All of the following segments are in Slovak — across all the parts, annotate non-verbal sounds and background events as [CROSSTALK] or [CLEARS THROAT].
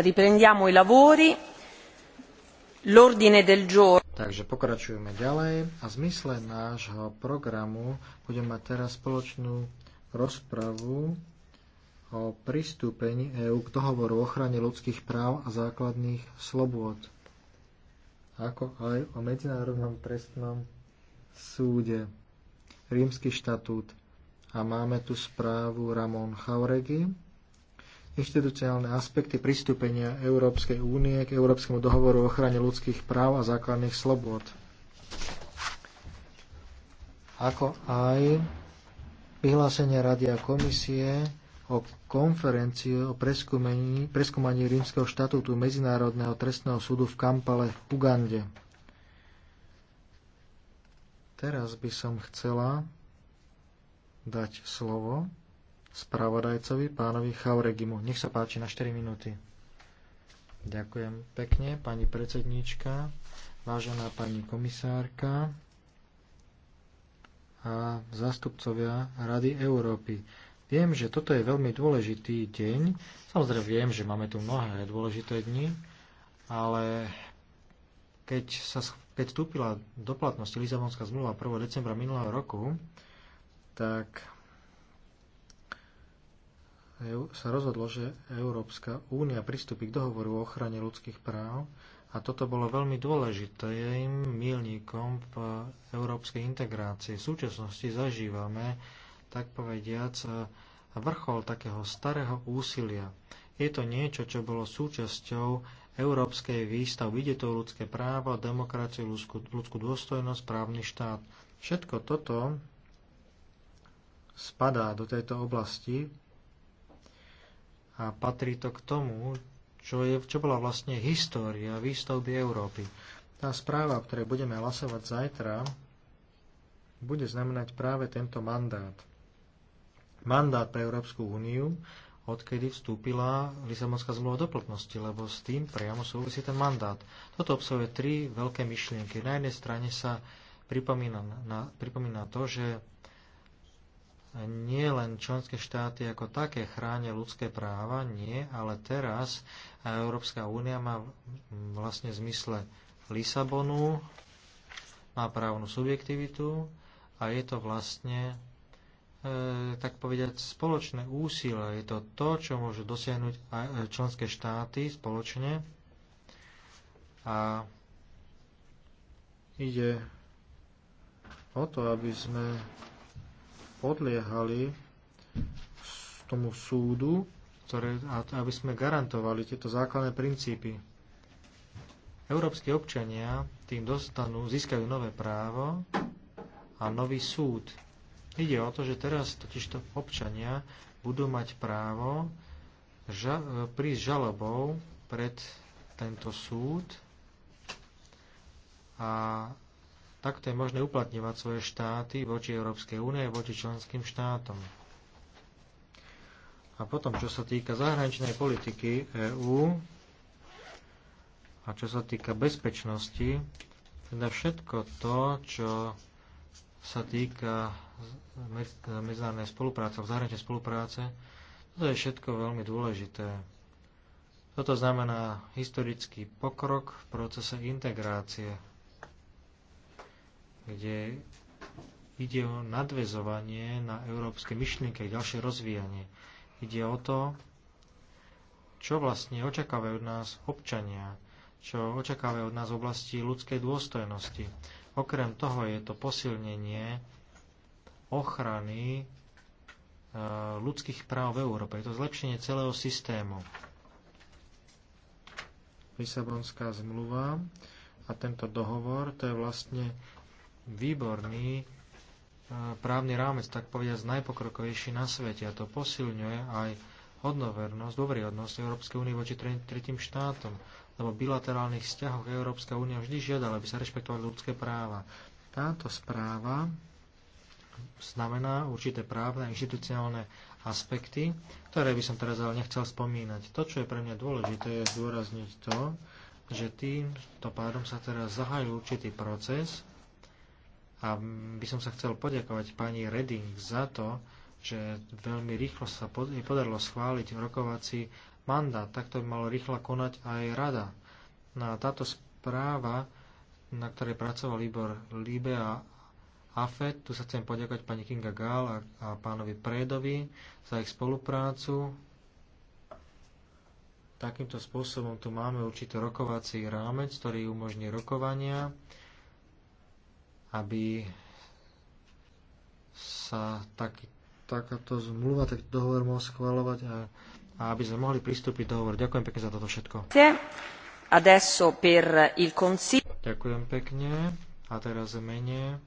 Riprendiamo i lavori. L'ordine del giorno. Takže pokračujeme ďalej a v zmysle nášho programu budeme mať teraz spoločnú rozpravu o pristúpení EÚ k dohovoru o ochrane ľudských práv a základných slobôd, ako aj o Medzinárodnom trestnom súde, Rímsky štatút. A máme tu správu Ramon Chauregi, inštitucionálne aspekty pristúpenia Európskej únie k Európskemu dohovoru o ochrane ľudských práv a základných slobod. Ako aj vyhlásenie Rady a komisie o konferenciu o preskúmaní rímskeho štatútu Medzinárodného trestného súdu v Kampale v Ugande. Teraz by som chcela dať slovo spravodajcovi, pánovi Chauregimu. Nech sa páči na 4 minúty. Ďakujem pekne, pani predsedníčka, vážená pani komisárka a zástupcovia Rady Európy. Viem, že toto je veľmi dôležitý deň. Samozrejme viem, že máme tu mnohé dôležité dni, ale keď, sa, keď vstúpila do platnosti Lisabonská zmluva 1. decembra minulého roku, tak sa rozhodlo, že Európska únia pristúpi k dohovoru o ochrane ľudských práv a toto bolo veľmi dôležitým milníkom v európskej integrácii. V súčasnosti zažívame, tak povediac, vrchol takého starého úsilia. Je to niečo, čo bolo súčasťou európskej výstavby. Ide to o ľudské právo, demokraciu, ľudskú, ľudskú dôstojnosť, právny štát. Všetko toto spadá do tejto oblasti a patrí to k tomu, čo, je, čo bola vlastne história výstavby Európy. Tá správa, o ktorej budeme hlasovať zajtra, bude znamenať práve tento mandát. Mandát pre Európsku úniu, odkedy vstúpila Lisabonská zmluva do platnosti, lebo s tým priamo súvisí ten mandát. Toto obsahuje tri veľké myšlienky. Na jednej strane sa pripomína, na, pripomína to, že nie len členské štáty ako také chránia ľudské práva, nie, ale teraz Európska únia má vlastne v zmysle Lisabonu, má právnu subjektivitu a je to vlastne e, tak povedať spoločné úsilie. Je to to, čo môžu dosiahnuť aj e, členské štáty spoločne a ide o to, aby sme podliehali tomu súdu, ktoré, aby sme garantovali tieto základné princípy. Európsky občania tým dostanú, získajú nové právo a nový súd. Ide o to, že teraz totižto občania budú mať právo ža- prísť žalobou pred tento súd a Takto je možné uplatňovať svoje štáty voči Európskej únie a voči členským štátom. A potom, čo sa týka zahraničnej politiky EÚ a čo sa týka bezpečnosti, teda všetko to, čo sa týka medzinárodnej spolupráce, zahraničnej spolupráce, toto je všetko veľmi dôležité. Toto znamená historický pokrok v procese integrácie kde ide o nadvezovanie na európske myšlienky a ďalšie rozvíjanie. Ide o to, čo vlastne očakávajú od nás občania, čo očakávajú od nás v oblasti ľudskej dôstojnosti. Okrem toho je to posilnenie ochrany e, ľudských práv v Európe. Je to zlepšenie celého systému. Lisabonská zmluva a tento dohovor, to je vlastne výborný e, právny rámec, tak povediať, najpokrokovejší na svete a to posilňuje aj hodnovernosť, dôveryhodnosť Európskej únie voči tretím štátom, lebo v bilaterálnych vzťahoch Európska únia vždy žiadala, aby sa rešpektovali ľudské práva. Táto správa znamená určité právne a inštitucionálne aspekty, ktoré by som teraz ale nechcel spomínať. To, čo je pre mňa dôležité, je zdôrazniť to, že týmto pádom sa teraz zahajú určitý proces, a by som sa chcel poďakovať pani Redding za to, že veľmi rýchlo sa podarilo schváliť rokovací mandát. Takto by malo rýchlo konať aj rada. No a táto správa, na ktorej pracoval Libor Libe a AFET, tu sa chcem poďakovať pani Kinga Gál a, a pánovi Predovi za ich spoluprácu. Takýmto spôsobom tu máme určitý rokovací rámec, ktorý umožní rokovania aby sa tak, takáto zmluva, takýto dohovor mohol schváľovať a, a aby sme mohli pristúpiť dohovor. Ďakujem pekne za toto všetko. Ďakujem pekne. A teraz mene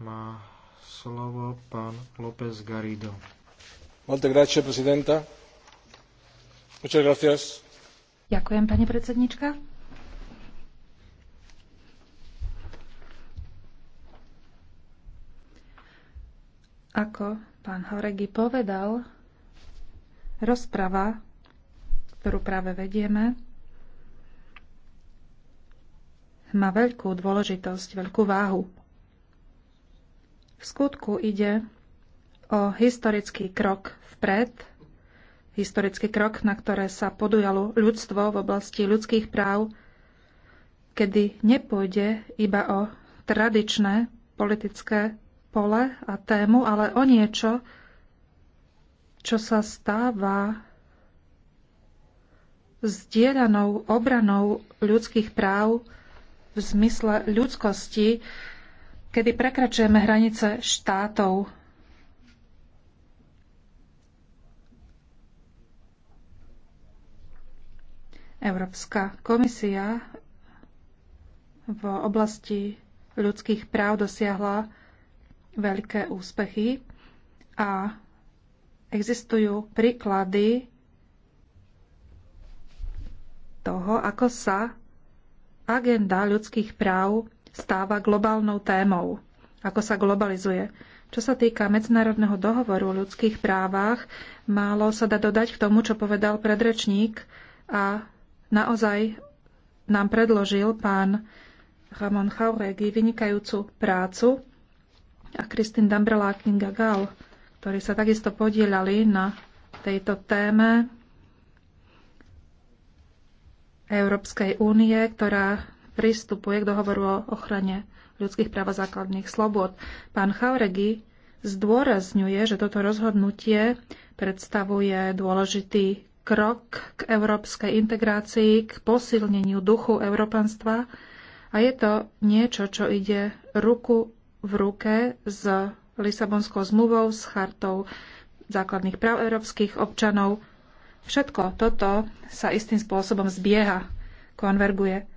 má slovo pán López Garrido. Molte grazie, prezidenta. Muchas gracias. Ďakujem, pani predsednička. Ako pán Horegi povedal, rozprava, ktorú práve vedieme, má veľkú dôležitosť, veľkú váhu. V skutku ide o historický krok vpred, historický krok, na ktoré sa podujalo ľudstvo v oblasti ľudských práv, kedy nepôjde iba o tradičné politické pole a tému, ale o niečo, čo sa stáva zdieľanou obranou ľudských práv v zmysle ľudskosti, kedy prekračujeme hranice štátov. Európska komisia v oblasti ľudských práv dosiahla veľké úspechy a existujú príklady toho, ako sa agenda ľudských práv stáva globálnou témou, ako sa globalizuje. Čo sa týka Medzinárodného dohovoru o ľudských právach, málo sa dá dodať k tomu, čo povedal predrečník a naozaj nám predložil pán Ramon Chauregi vynikajúcu prácu a Kristin Dambrela a Kinga Gal, ktorí sa takisto podielali na tejto téme Európskej únie, ktorá pristupuje k dohovoru o ochrane ľudských práv a základných slobod. Pán Chauregi zdôrazňuje, že toto rozhodnutie predstavuje dôležitý krok k európskej integrácii, k posilneniu duchu európanstva a je to niečo, čo ide ruku v ruke s Lisabonskou zmluvou, s chartou základných práv európskych občanov. Všetko toto sa istým spôsobom zbieha, konverguje.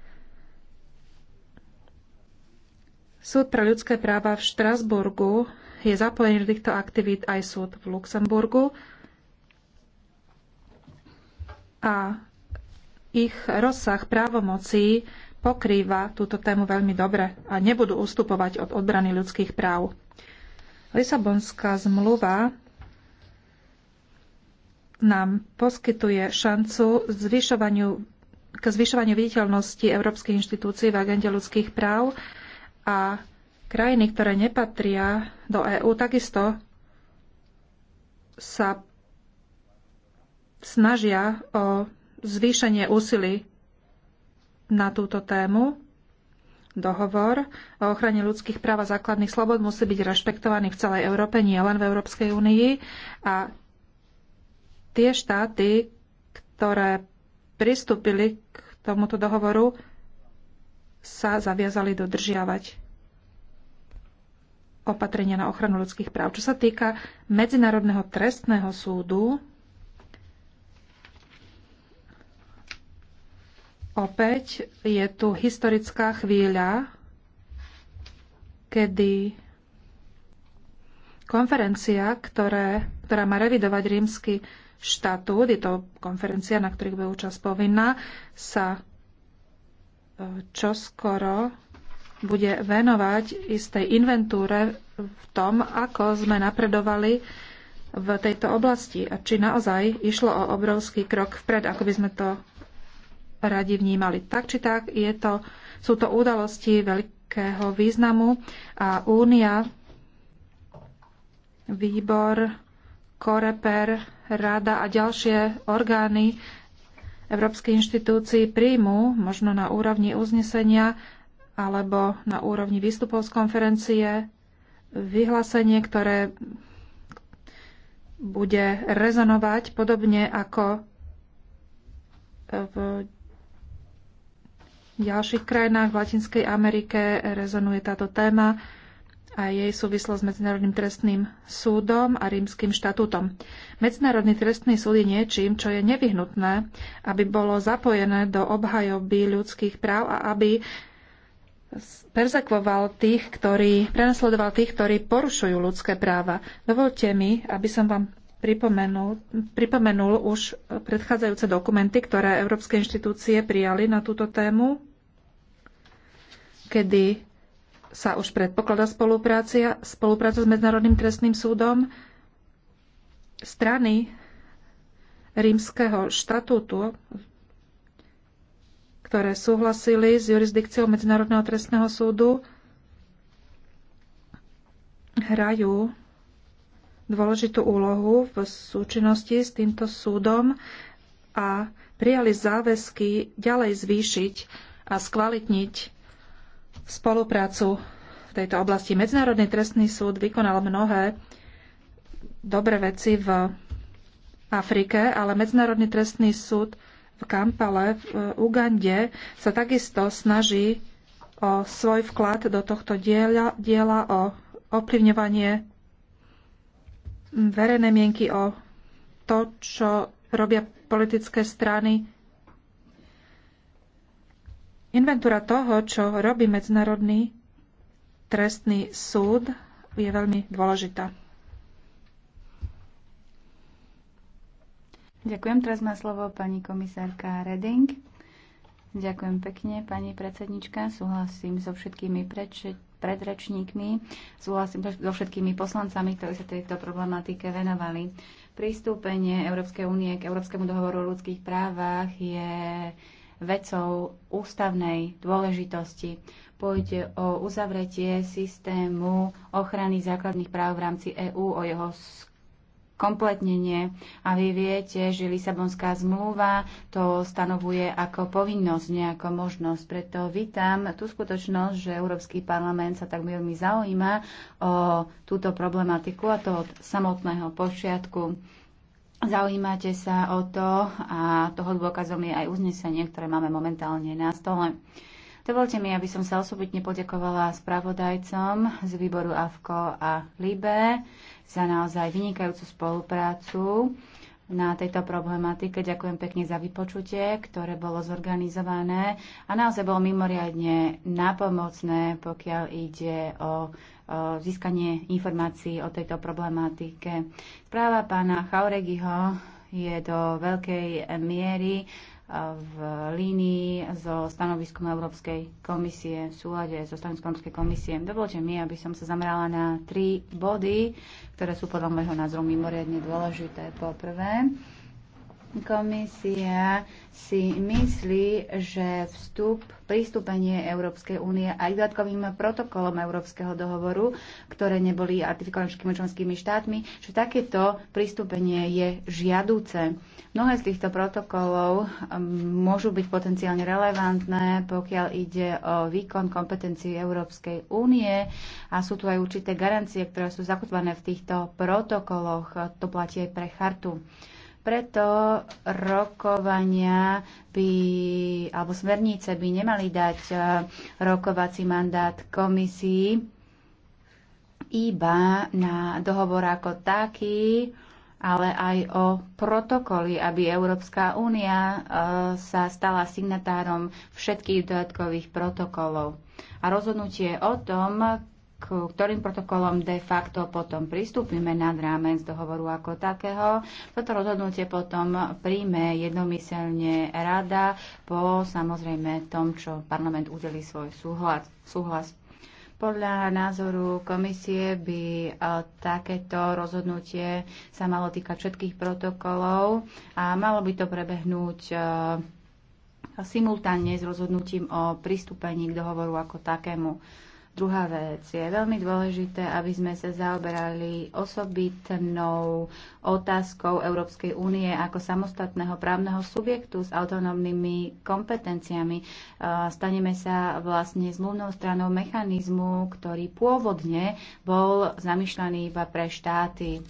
Súd pre ľudské práva v Štrasburgu je zapojený do týchto aktivít aj súd v Luxemburgu a ich rozsah právomocí pokrýva túto tému veľmi dobre a nebudú ustupovať od odbrany ľudských práv. Lisabonská zmluva nám poskytuje šancu zvyšovaniu, k zvyšovaniu viditeľnosti európskych inštitúcií v agende ľudských práv a krajiny, ktoré nepatria do EÚ, takisto sa snažia o zvýšenie úsilí na túto tému. Dohovor o ochrane ľudských práv a základných slobod musí byť rešpektovaný v celej Európe, nie len v Európskej únii. A tie štáty, ktoré pristúpili k tomuto dohovoru, sa zaviazali dodržiavať opatrenia na ochranu ľudských práv. Čo sa týka Medzinárodného trestného súdu, Opäť je tu historická chvíľa, kedy konferencia, ktoré, ktorá má revidovať rímsky štatút, je to konferencia, na ktorých bude účasť povinná, sa e, čoskoro bude venovať istej inventúre v tom, ako sme napredovali v tejto oblasti a či naozaj išlo o obrovský krok vpred, ako by sme to radi vnímali. Tak či tak, je to, sú to udalosti veľkého významu a Únia, výbor, Koreper, Rada a ďalšie orgány Európskej inštitúcii príjmu, možno na úrovni uznesenia alebo na úrovni výstupov z konferencie, vyhlásenie, ktoré bude rezonovať podobne ako v v ďalších krajinách v Latinskej Amerike rezonuje táto téma a jej súvislosť s Medzinárodným trestným súdom a rímským štatútom. Medzinárodný trestný súd je niečím, čo je nevyhnutné, aby bolo zapojené do obhajoby ľudských práv a aby perzekvoval tých, ktorí, prenasledoval tých, ktorí porušujú ľudské práva. Dovolte mi, aby som vám pripomenul, pripomenul už predchádzajúce dokumenty, ktoré európske inštitúcie prijali na túto tému kedy sa už predpokladá spolupráca, spolupráca s Medzinárodným trestným súdom. Strany rímskeho štatútu, ktoré súhlasili s jurisdikciou Medzinárodného trestného súdu, hrajú dôležitú úlohu v súčinnosti s týmto súdom a prijali záväzky ďalej zvýšiť a skvalitniť spoluprácu v tejto oblasti. Medzinárodný trestný súd vykonal mnohé dobré veci v Afrike, ale Medzinárodný trestný súd v Kampale, v e, Ugande, sa takisto snaží o svoj vklad do tohto diela, diela o ovplyvňovanie verejnej mienky, o to, čo robia politické strany Inventúra toho, čo robí Medzinárodný trestný súd, je veľmi dôležitá. Ďakujem. Teraz má slovo pani komisárka Reding. Ďakujem pekne, pani predsednička. Súhlasím so všetkými preč- predrečníkmi, súhlasím so všetkými poslancami, ktorí sa tejto problematike venovali. Pristúpenie Európskej únie k Európskemu dohovoru o ľudských právach je vecou ústavnej dôležitosti. Pôjde o uzavretie systému ochrany základných práv v rámci EÚ, o jeho kompletnenie. A vy viete, že Lisabonská zmluva to stanovuje ako povinnosť, nie ako možnosť. Preto vítam tú skutočnosť, že Európsky parlament sa tak veľmi zaujíma o túto problematiku a to od samotného počiatku. Zaujímate sa o to a toho dôkazom je aj uznesenie, ktoré máme momentálne na stole. Dovolte mi, aby som sa osobitne poďakovala spravodajcom z výboru AFKO a LIBE za naozaj vynikajúcu spoluprácu na tejto problematike. Ďakujem pekne za vypočutie, ktoré bolo zorganizované a naozaj bolo mimoriadne napomocné, pokiaľ ide o Eh, získanie informácií o tejto problematike. Správa pána Chauregiho je do veľkej miery eh, v línii so stanoviskom Európskej komisie, v súlade so stanoviskom Európskej komisie. Dovolte mi, aby som sa zamerala na tri body, ktoré sú podľa môjho názoru mimoriadne dôležité. Po prvé, Komisia si myslí, že vstup, pristúpenie Európskej únie aj dodatkovým protokolom Európskeho dohovoru, ktoré neboli artifikované všetkými členskými štátmi, že takéto pristúpenie je žiadúce. Mnohé z týchto protokolov um, môžu byť potenciálne relevantné, pokiaľ ide o výkon kompetencií Európskej únie a sú tu aj určité garancie, ktoré sú zakotvané v týchto protokoloch. To platí aj pre chartu. Preto rokovania by, alebo smernice by nemali dať e, rokovací mandát komisii iba na dohovor ako taký, ale aj o protokoly, aby Európska únia e, sa stala signatárom všetkých dodatkových protokolov. A rozhodnutie o tom, k ktorým protokolom de facto potom pristúpime nad rámec dohovoru ako takého. Toto rozhodnutie potom príjme jednomyselne rada po samozrejme tom, čo parlament udeli svoj súhlas. súhlas. Podľa názoru komisie by e, takéto rozhodnutie sa malo týkať všetkých protokolov a malo by to prebehnúť e, simultánne s rozhodnutím o pristúpení k dohovoru ako takému. Druhá vec je veľmi dôležité, aby sme sa zaoberali osobitnou otázkou Európskej únie ako samostatného právneho subjektu s autonómnymi kompetenciami. Staneme sa vlastne zmluvnou stranou mechanizmu, ktorý pôvodne bol zamýšľaný iba pre štáty.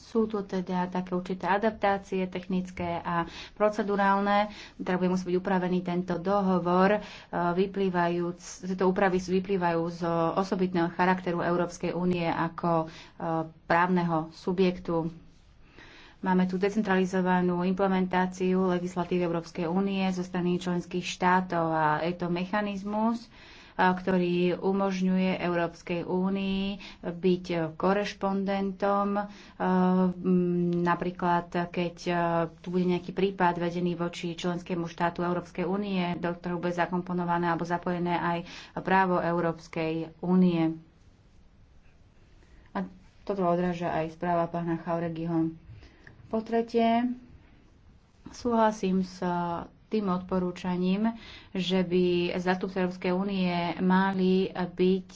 Sú tu teda také určité adaptácie technické a procedurálne, teda bude musieť byť upravený tento dohovor, e, vyplývajúc, tieto úpravy vyplývajú z osobitného charakteru Európskej únie ako e, právneho subjektu Máme tu decentralizovanú implementáciu legislatívy Európskej únie zo strany členských štátov a je to mechanizmus, ktorý umožňuje Európskej únii byť korešpondentom. Napríklad, keď tu bude nejaký prípad vedený voči členskému štátu Európskej únie, do ktorého bude zakomponované alebo zapojené aj právo Európskej únie. A toto odráža aj správa pána Chauregiho. Po tretie, súhlasím s tým odporúčaním, že by zastupci Európskej únie mali byť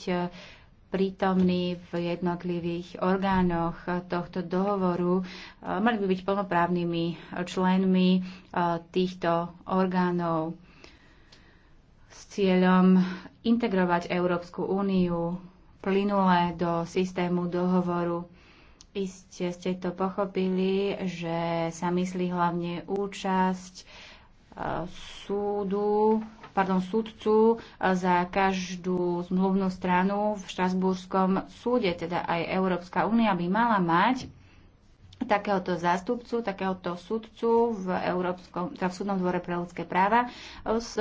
prítomní v jednotlivých orgánoch tohto dohovoru, mali by byť plnoprávnymi členmi eh, týchto orgánov s cieľom integrovať Európsku úniu plynule do systému dohovoru. Iste ste to pochopili, že sa myslí hlavne účasť súdu, pardon, súdcu za každú zmluvnú stranu v Štrasburskom súde, teda aj Európska únia by mala mať takéhoto zástupcu, takéhoto súdcu v, Európskom, teda v Súdnom dvore pre ľudské práva s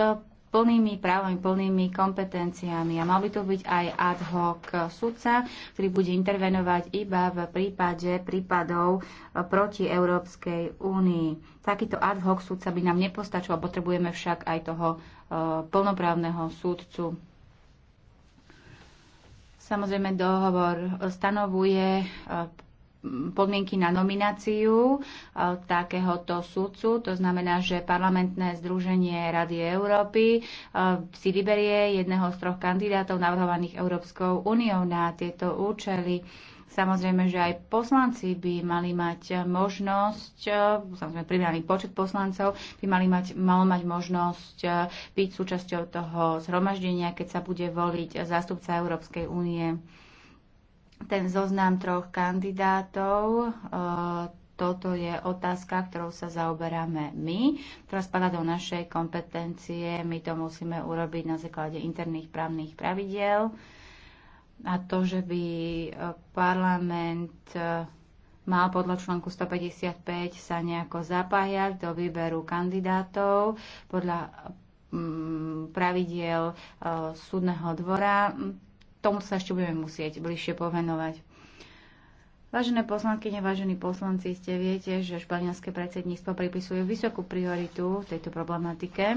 plnými právami, plnými kompetenciami. A mal by to byť aj ad hoc sudca, ktorý bude intervenovať iba v prípade prípadov e, proti Európskej únii. Takýto ad hoc sudca by nám nepostačoval, potrebujeme však aj toho e, plnoprávneho sudcu. Samozrejme, dohovor stanovuje e, podmienky na nomináciu e, takéhoto sudcu. To znamená, že parlamentné združenie Rady Európy e, si vyberie jedného z troch kandidátov navrhovaných Európskou úniou na tieto účely. Samozrejme, že aj poslanci by mali mať možnosť, e, samozrejme primeraný počet poslancov by mali mať, malo mať možnosť byť súčasťou toho zhromaždenia, keď sa bude voliť zástupca Európskej únie ten zoznam troch kandidátov. E, toto je otázka, ktorou sa zaoberáme my, ktorá spada do našej kompetencie. My to musíme urobiť na základe interných právnych pravidiel. A to, že by e, parlament e, mal podľa článku 155 sa nejako zapájať do výberu kandidátov podľa mm, pravidiel súdneho dvora tomu sa ešte budeme musieť bližšie povenovať. Vážené poslanky, vážení poslanci, ste viete, že španielské predsedníctvo pripisuje vysokú prioritu tejto problematike.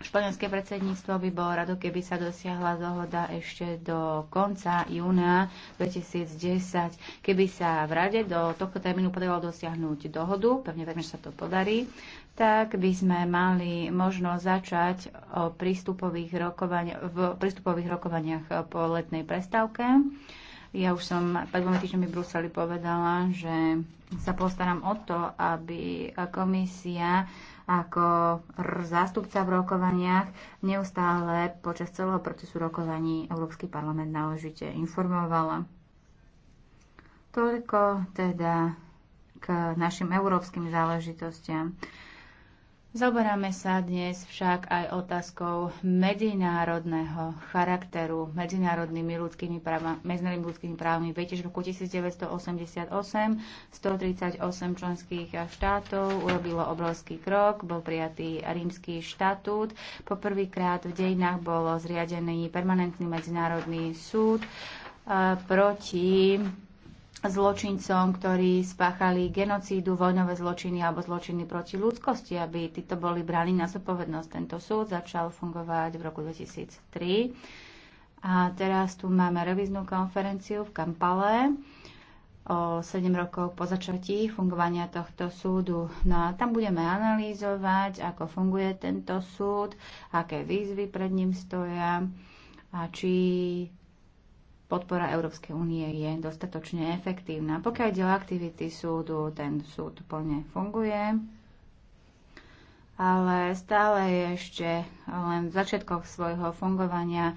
Španielské predsedníctvo by bolo rado, keby sa dosiahla dohoda ešte do konca júna 2010, keby sa v rade do tohto termínu podarilo dosiahnuť dohodu, pevne verím, že sa to podarí tak by sme mali možno začať o prístupových rokovani- v prístupových rokovaniach po letnej prestávke. Ja už som pred dvomi týždňami v Bruseli povedala, že sa postaram o to, aby komisia ako zástupca v rokovaniach neustále počas celého procesu rokovaní Európsky parlament náležite informovala. Toľko teda k našim európskym záležitostiam. Zoberáme sa dnes však aj otázkou medzinárodného charakteru, medzinárodnými ľudskými právami medzinárodnými ľudskými právami. Viete, že v roku 1988 138 členských štátov urobilo obrovský krok, bol prijatý rímsky štatút. Poprvýkrát v dejinách bol zriadený permanentný medzinárodný súd eh, proti zločincom, ktorí spáchali genocídu, vojnové zločiny alebo zločiny proti ľudskosti, aby títo boli braní na zodpovednosť. Tento súd začal fungovať v roku 2003. A teraz tu máme reviznú konferenciu v Kampale o 7 rokov po začatí fungovania tohto súdu. No a tam budeme analýzovať, ako funguje tento súd, aké výzvy pred ním stoja a či podpora Európskej únie je dostatočne efektívna. Pokiaľ ide o aktivity súdu, ten súd plne funguje, ale stále je ešte len v začiatkoch svojho fungovania.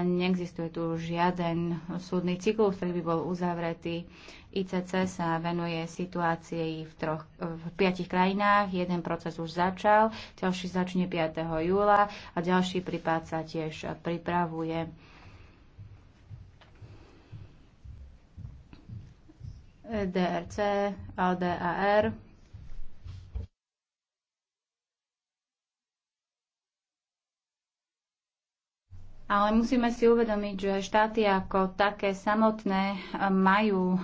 Neexistuje tu žiaden súdny cyklus, ktorý by bol uzavretý. ICC sa venuje situácii v, troch, v piatich krajinách. Jeden proces už začal, ďalší začne 5. júla a ďalší prípad sa tiež pripravuje. DRC, ADAR. Ale musíme si uvedomiť, že štáty ako také samotné eh, majú eh,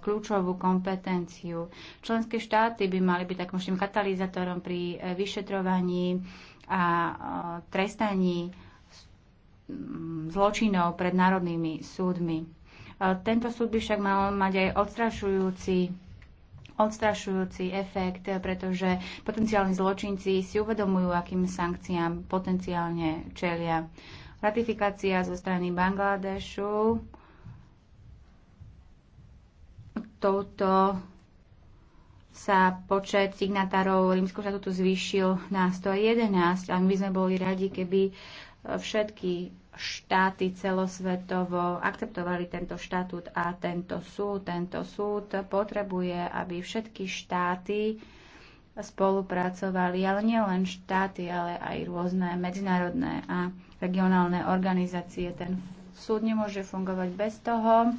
kľúčovú kompetenciu. Členské štáty by mali byť takým katalizátorom pri eh, vyšetrovaní a trestaní mm, zločinov pred národnými súdmi. Tento súd by však mal mať aj odstrašujúci odstrašujúci efekt, pretože potenciálni zločinci si uvedomujú, akým sankciám potenciálne čelia. Ratifikácia zo strany Bangladešu touto sa počet signatárov Rímskeho štatútu zvýšil na 111 a my sme boli radi, keby všetky štáty celosvetovo akceptovali tento štatút a tento súd. Tento súd potrebuje, aby všetky štáty spolupracovali, ale nielen štáty, ale aj rôzne medzinárodné a regionálne organizácie. Ten súd nemôže fungovať bez toho,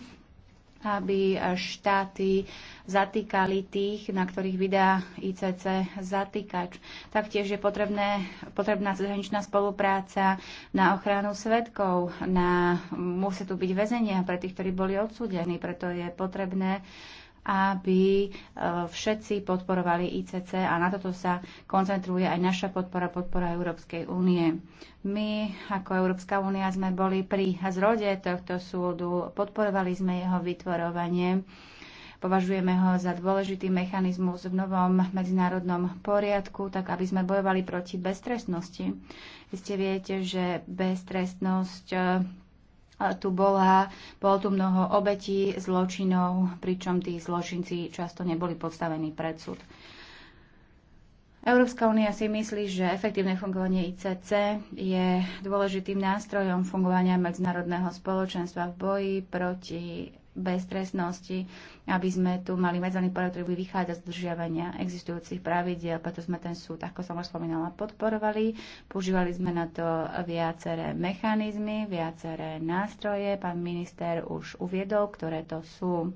aby štáty zatýkali tých, na ktorých vydá ICC zatýkač. Taktiež je potrebné, potrebná zahraničná spolupráca na ochranu svetkov, na, musí tu byť väzenia pre tých, ktorí boli odsúdení, preto je potrebné aby e, všetci podporovali ICC a na toto sa koncentruje aj naša podpora, podpora Európskej únie. My ako Európska únia sme boli pri zrode tohto súdu, podporovali sme jeho vytvorovanie. Považujeme ho za dôležitý mechanizmus v novom medzinárodnom poriadku, tak aby sme bojovali proti beztrestnosti. Vy ste viete, že beztrestnosť e, tu bola. Bolo tu mnoho obetí zločinov, pričom tí zločinci často neboli podstavení pred súd. Európska únia si myslí, že efektívne fungovanie ICC je dôležitým nástrojom fungovania medzinárodného spoločenstva v boji proti beztrestnosti, aby sme tu mali medzaný poriadok, ktorý by vychádza z držiavania existujúcich pravidiel, preto sme ten súd, ako som už spomínala, podporovali. Používali sme na to viaceré mechanizmy, viaceré nástroje. Pán minister už uviedol, ktoré to sú.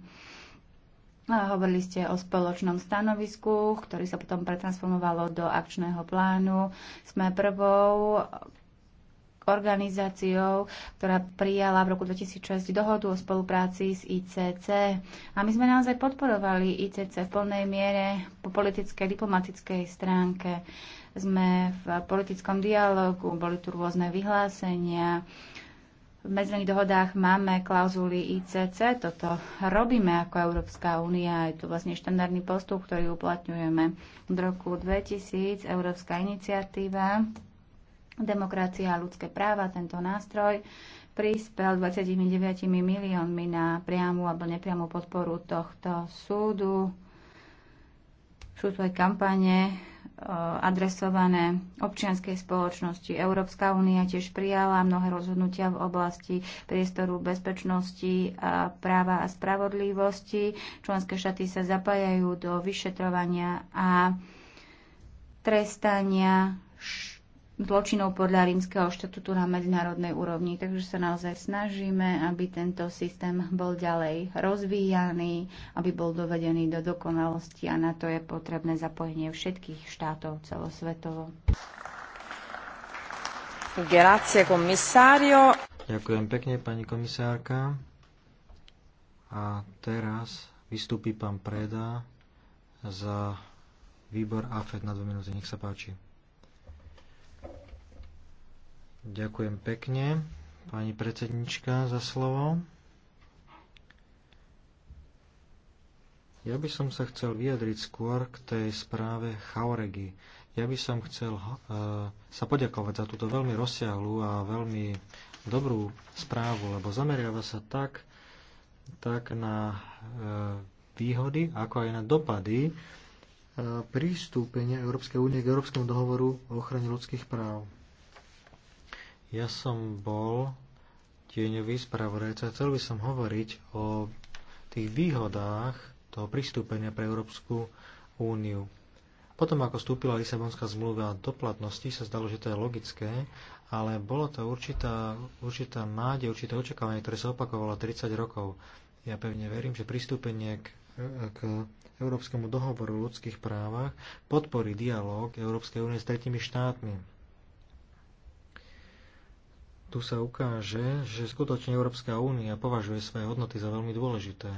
Hovorili ste o spoločnom stanovisku, ktorý sa potom pretransformovalo do akčného plánu. Sme prvou organizáciou, ktorá prijala v roku 2006 dohodu o spolupráci s ICC. A my sme naozaj podporovali ICC v plnej miere po politickej, diplomatickej stránke. Sme v politickom dialogu, boli tu rôzne vyhlásenia, v medziných dohodách máme klauzuly ICC, toto robíme ako Európska únia, je to vlastne štandardný postup, ktorý uplatňujeme. Od roku 2000 Európska iniciatíva demokracia a ľudské práva, tento nástroj, prispel 29 miliónmi na priamu alebo nepriamu podporu tohto súdu. Sú tu aj kampane e, adresované občianskej spoločnosti. Európska únia tiež prijala mnohé rozhodnutia v oblasti priestoru bezpečnosti, a práva a spravodlivosti. Členské štáty sa zapájajú do vyšetrovania a trestania zločinov podľa rímskeho štatútu na medzinárodnej úrovni. Takže sa naozaj snažíme, aby tento systém bol ďalej rozvíjaný, aby bol dovedený do dokonalosti a na to je potrebné zapojenie všetkých štátov celosvetovo. Grazie, komisario. Ďakujem pekne, pani komisárka. A teraz vystúpi pán Preda za výbor AFED na dve minúty. Nech sa páči. Ďakujem pekne, pani predsednička, za slovo. Ja by som sa chcel vyjadriť skôr k tej správe Chauregy. Ja by som chcel eh, sa poďakovať za túto veľmi rozsiahlu a veľmi dobrú správu, lebo zameriava sa tak, tak na eh, výhody, ako aj na dopady eh, prístúpenia Európskej únie k Európskemu dohovoru o ochrane ľudských práv. Ja som bol tieňový spravodajca. Chcel by som hovoriť o tých výhodách toho pristúpenia pre Európsku úniu. Potom, ako vstúpila Lisabonská zmluva do platnosti, sa zdalo, že to je logické, ale bolo to určitá, určitá nádej, určité očakávanie, ktoré sa opakovalo 30 rokov. Ja pevne verím, že pristúpenie k, k Európskemu dohovoru o ľudských právach podporí dialog Európskej únie s tretími štátmi tu sa ukáže, že skutočne Európska únia považuje svoje hodnoty za veľmi dôležité.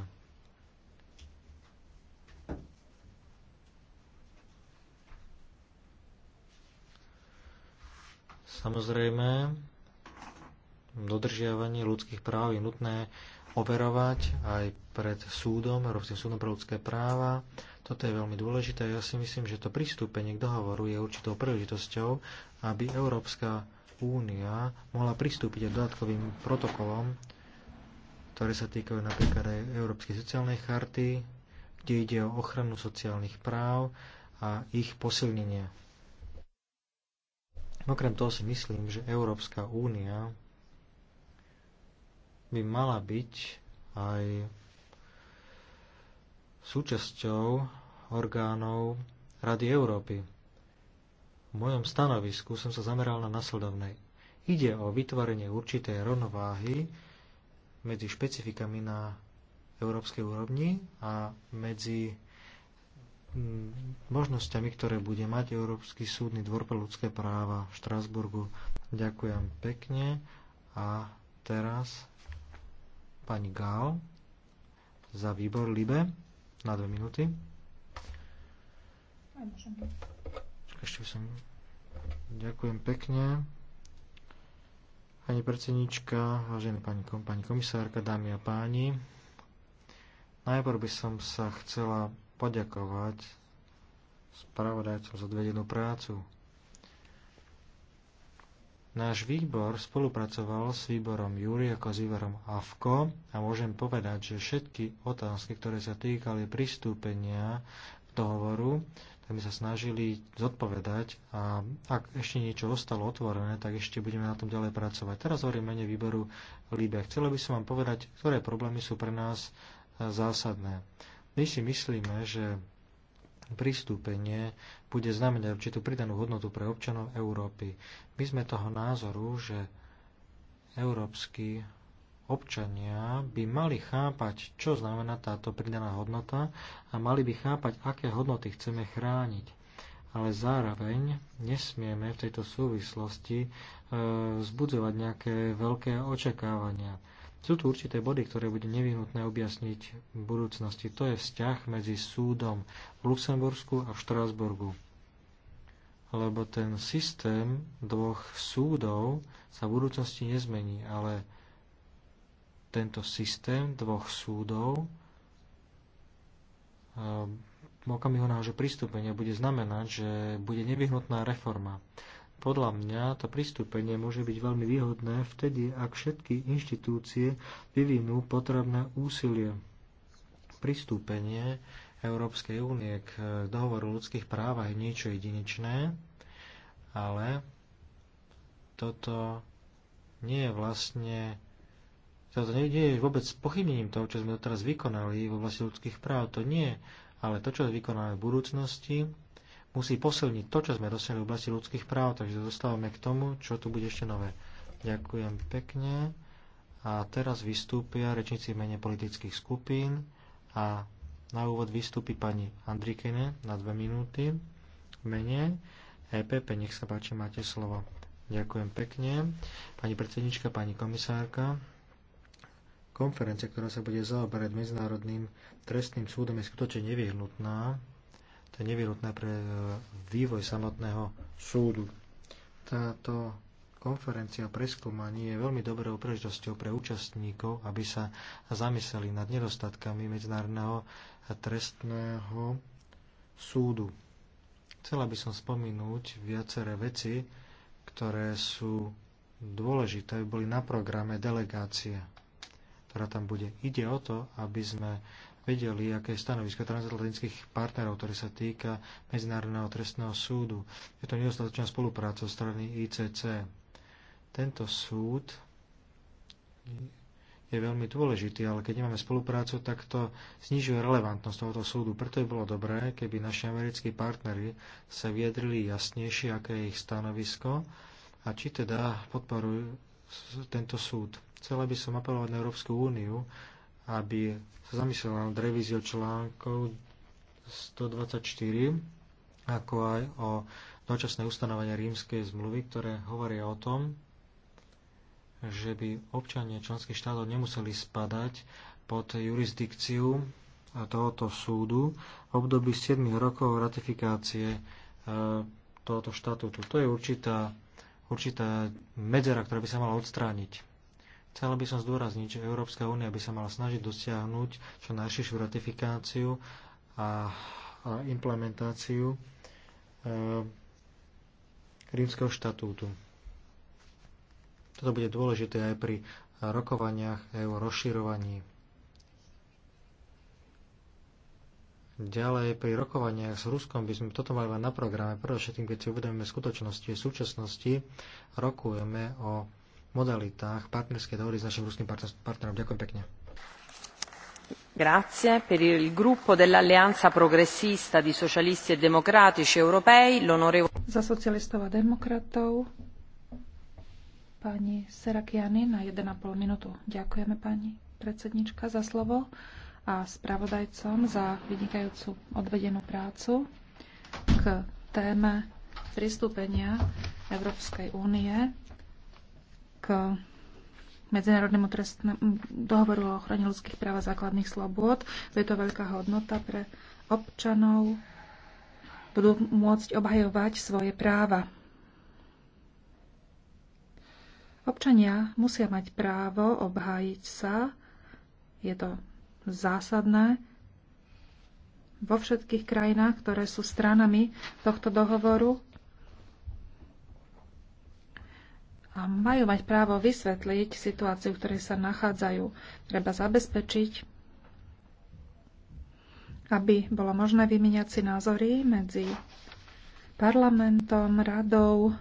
Samozrejme, dodržiavanie ľudských práv je nutné overovať aj pred súdom, Európskym súdom pre ľudské práva. Toto je veľmi dôležité. Ja si myslím, že to pristúpenie k dohovoru je určitou príležitosťou, aby Európska únia mohla pristúpiť aj dodatkovým protokolom, ktoré sa týkajú napríklad aj Európskej sociálnej charty, kde ide o ochranu sociálnych práv a ich posilnenie. Okrem toho si myslím, že Európska únia by mala byť aj súčasťou orgánov Rady Európy. V mojom stanovisku som sa zameral na nasledovnej. Ide o vytvorenie určitej rovnováhy medzi špecifikami na európskej úrovni a medzi mm, možnosťami, ktoré bude mať Európsky súdny dvor pre ľudské práva v Štrásburgu. Ďakujem pekne a teraz pani Gál za výbor Libe na dve minúty. Ešte som... Ďakujem pekne. Pani predsednička, vážená pani, pani komisárka, dámy a páni. Najprv by som sa chcela poďakovať spravodajcom za dvedenú prácu. Náš výbor spolupracoval s výborom Júri ako s výborom AFKO a môžem povedať, že všetky otázky, ktoré sa týkali pristúpenia k dohovoru, tak by sa snažili zodpovedať a ak ešte niečo ostalo otvorené, tak ešte budeme na tom ďalej pracovať. Teraz hovorím mene výboru Líbe. Chcela by som vám povedať, ktoré problémy sú pre nás zásadné. My si myslíme, že pristúpenie bude znamenať určitú pridanú hodnotu pre občanov Európy. My sme toho názoru, že európsky občania by mali chápať, čo znamená táto pridaná hodnota a mali by chápať, aké hodnoty chceme chrániť. Ale zároveň nesmieme v tejto súvislosti e, vzbudzovať nejaké veľké očakávania. Sú tu určité body, ktoré bude nevyhnutné objasniť v budúcnosti. To je vzťah medzi súdom v Luxembursku a v Štrásburgu. Lebo ten systém dvoch súdov sa v budúcnosti nezmení, ale tento systém dvoch súdov ehm, v okamihu nášho pristúpenia bude znamenať, že bude nevyhnutná reforma. Podľa mňa to pristúpenie môže byť veľmi výhodné vtedy, ak všetky inštitúcie vyvinú potrebné úsilie. Pristúpenie Európskej únie k dohovoru o ľudských právach je niečo jedinečné, ale toto nie je vlastne sa to nedieje vôbec s pochybnením toho, čo sme doteraz vykonali v oblasti ľudských práv. To nie, ale to, čo vykonáme v budúcnosti, musí posilniť to, čo sme dosiahli v oblasti ľudských práv, takže dostávame k tomu, čo tu bude ešte nové. Ďakujem pekne. A teraz vystúpia rečníci v mene politických skupín a na úvod vystúpi pani Andrikene na dve minúty v mene EPP. Nech sa páči, máte slovo. Ďakujem pekne. Pani predsednička, pani komisárka, Konferencia, ktorá sa bude zaoberať Medzinárodným trestným súdom, je skutočne nevyhnutná. To je nevyhnutné pre e, vývoj samotného súdu. Táto konferencia o preskúmaní je veľmi dobrou príležitosťou pre účastníkov, aby sa zamysleli nad nedostatkami Medzinárodného trestného súdu. Chcela by som spomínuť viaceré veci, ktoré sú dôležité, boli na programe delegácie ktorá tam bude. Ide o to, aby sme vedeli, aké je stanovisko transatlantických partnerov, ktoré sa týka Medzinárodného trestného súdu. Je to nedostatočná spolupráca zo strany ICC. Tento súd je veľmi dôležitý, ale keď nemáme spoluprácu, tak to znižuje relevantnosť tohoto súdu. Preto by bolo dobré, keby naši americkí partnery sa vyjadrili jasnejšie, aké je ich stanovisko a či teda podporujú tento súd. Chcela by som apelovať na Európsku úniu, aby sa zamyslela nad revíziou článkov 124, ako aj o dočasné ustanovenie rímskej zmluvy, ktoré hovoria o tom, že by občania členských štátov nemuseli spadať pod jurisdikciu tohoto súdu v období 7 rokov ratifikácie e, tohoto štatútu. To je určitá, určitá medzera, ktorá by sa mala odstrániť. Chcela by som zdôrazniť, že Európska únia by sa mala snažiť dosiahnuť čo najširšiu ratifikáciu a, a implementáciu e, rímskeho štatútu. Toto bude dôležité aj pri rokovaniach aj o rozširovaní. Ďalej pri rokovaniach s Ruskom by sme toto mali na programe. Predovšetkým, keď si uvedomíme skutočnosti, v súčasnosti rokujeme o modalitách partnerskej dohody s našim ruským partnerom. Ďakujem pekne. Grazie. Per il gruppo dell'Alleanza Progressista di Socialisti e Democratici Europei, l'onorevole... Za socialistov a demokratov, pani Serakiani na 1,5 minútu. Ďakujeme pani predsednička za slovo a spravodajcom za vynikajúcu odvedenú prácu k téme pristúpenia Európskej únie k Medzinárodnému trestnému dohovoru o ochrane ľudských práv a základných slobôd. Je to veľká hodnota pre občanov. Budú môcť obhajovať svoje práva. Občania musia mať právo obhájiť sa. Je to zásadné vo všetkých krajinách, ktoré sú stranami tohto dohovoru. a majú mať právo vysvetliť situáciu, v ktorej sa nachádzajú. Treba zabezpečiť, aby bolo možné vymieňať si názory medzi parlamentom, radou,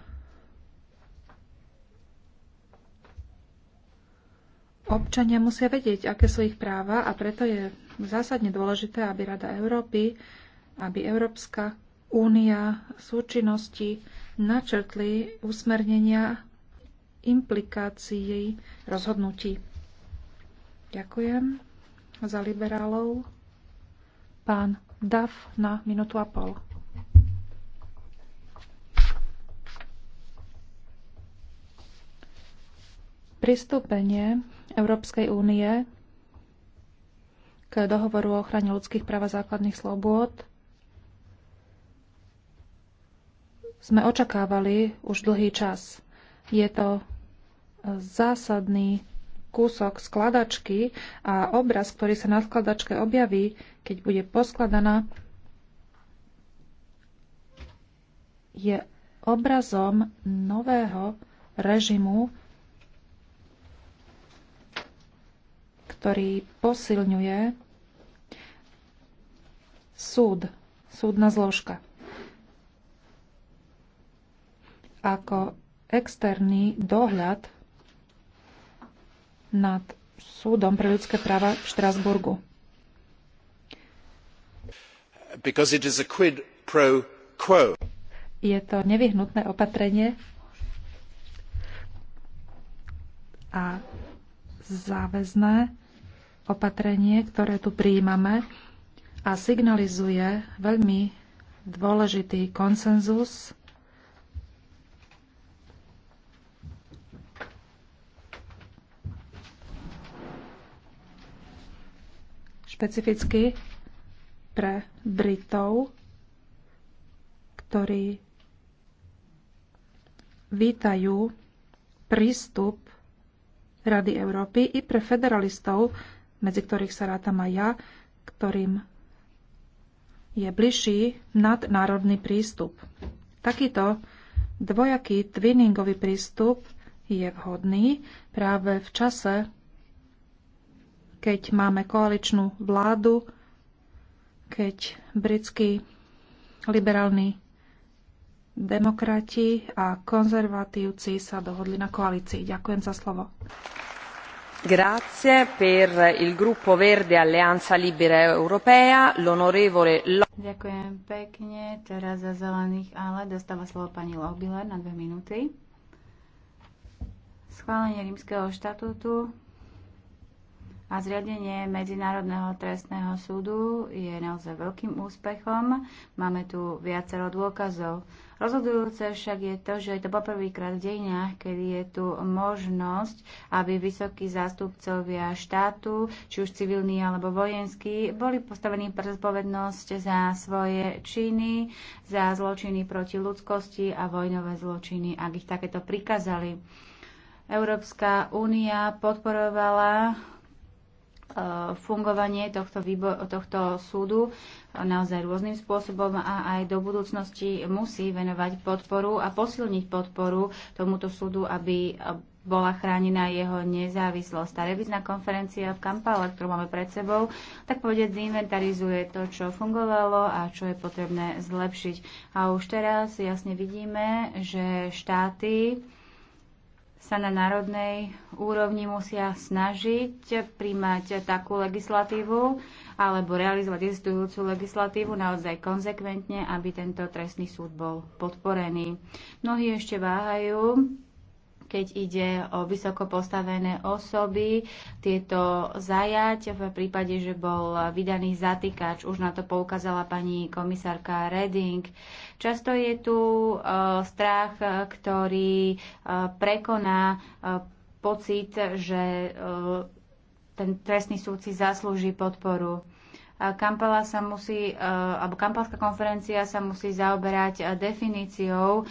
Občania musia vedieť, aké sú ich práva a preto je zásadne dôležité, aby Rada Európy, aby Európska únia súčinnosti načrtli usmernenia implikácií rozhodnutí. Ďakujem za liberálov. Pán Dav na minútu a pol. Pristúpenie Európskej únie k dohovoru o ochrane ľudských práv a základných slobôd sme očakávali už dlhý čas. Je to zásadný kúsok skladačky a obraz, ktorý sa na skladačke objaví, keď bude poskladaná, je obrazom nového režimu, ktorý posilňuje súd, súdna zložka. Ako externý dohľad nad súdom pre ľudské práva v Štrasburgu. Je to nevyhnutné opatrenie a záväzné opatrenie, ktoré tu prijímame a signalizuje veľmi dôležitý konsenzus špecificky pre Britov, ktorí vítajú prístup Rady Európy i pre federalistov, medzi ktorých sa rátam aj ja, ktorým je bližší nadnárodný prístup. Takýto dvojaký twinningový prístup je vhodný práve v čase keď máme koaličnú vládu, keď britskí liberálni demokrati a konzervatívci sa dohodli na koalícii. Ďakujem za slovo. Grazie per il gruppo Verde Alleanza Libera Europea, l'onorevole Ďakujem pekne. Teraz za zelených, ale dostáva slovo pani Lobiler na dve minúty. Schválenie rímskeho štatútu a zriadenie Medzinárodného trestného súdu je naozaj veľkým úspechom. Máme tu viacero dôkazov. Rozhodujúce však je to, že je to poprvýkrát v dejinách, kedy je tu možnosť, aby vysokí zástupcovia štátu, či už civilní alebo vojenskí, boli postavení pre zodpovednosť za svoje činy, za zločiny proti ľudskosti a vojnové zločiny, ak ich takéto prikázali. Európska únia podporovala E, fungovanie tohto, výbo- tohto súdu naozaj rôznym spôsobom a aj do budúcnosti musí venovať podporu a posilniť podporu tomuto súdu, aby bola chránená jeho nezávislosť. Tá revizná konferencia v Kampale, ktorú máme pred sebou, tak povedať zinventarizuje to, čo fungovalo a čo je potrebné zlepšiť. A už teraz jasne vidíme, že štáty sa na národnej úrovni musia snažiť príjmať takú legislatívu alebo realizovať existujúcu legislatívu naozaj konzekventne, aby tento trestný súd bol podporený. Mnohí ešte váhajú keď ide o vysoko postavené osoby, tieto zajať v prípade, že bol vydaný zatýkač. Už na to poukázala pani komisárka Reding. Často je tu e, strach, e, ktorý e, prekoná pocit, že ten trestný súd si zaslúži podporu. Kampala sa musí, e, alebo Kampalská konferencia sa musí zaoberať e, definíciou e,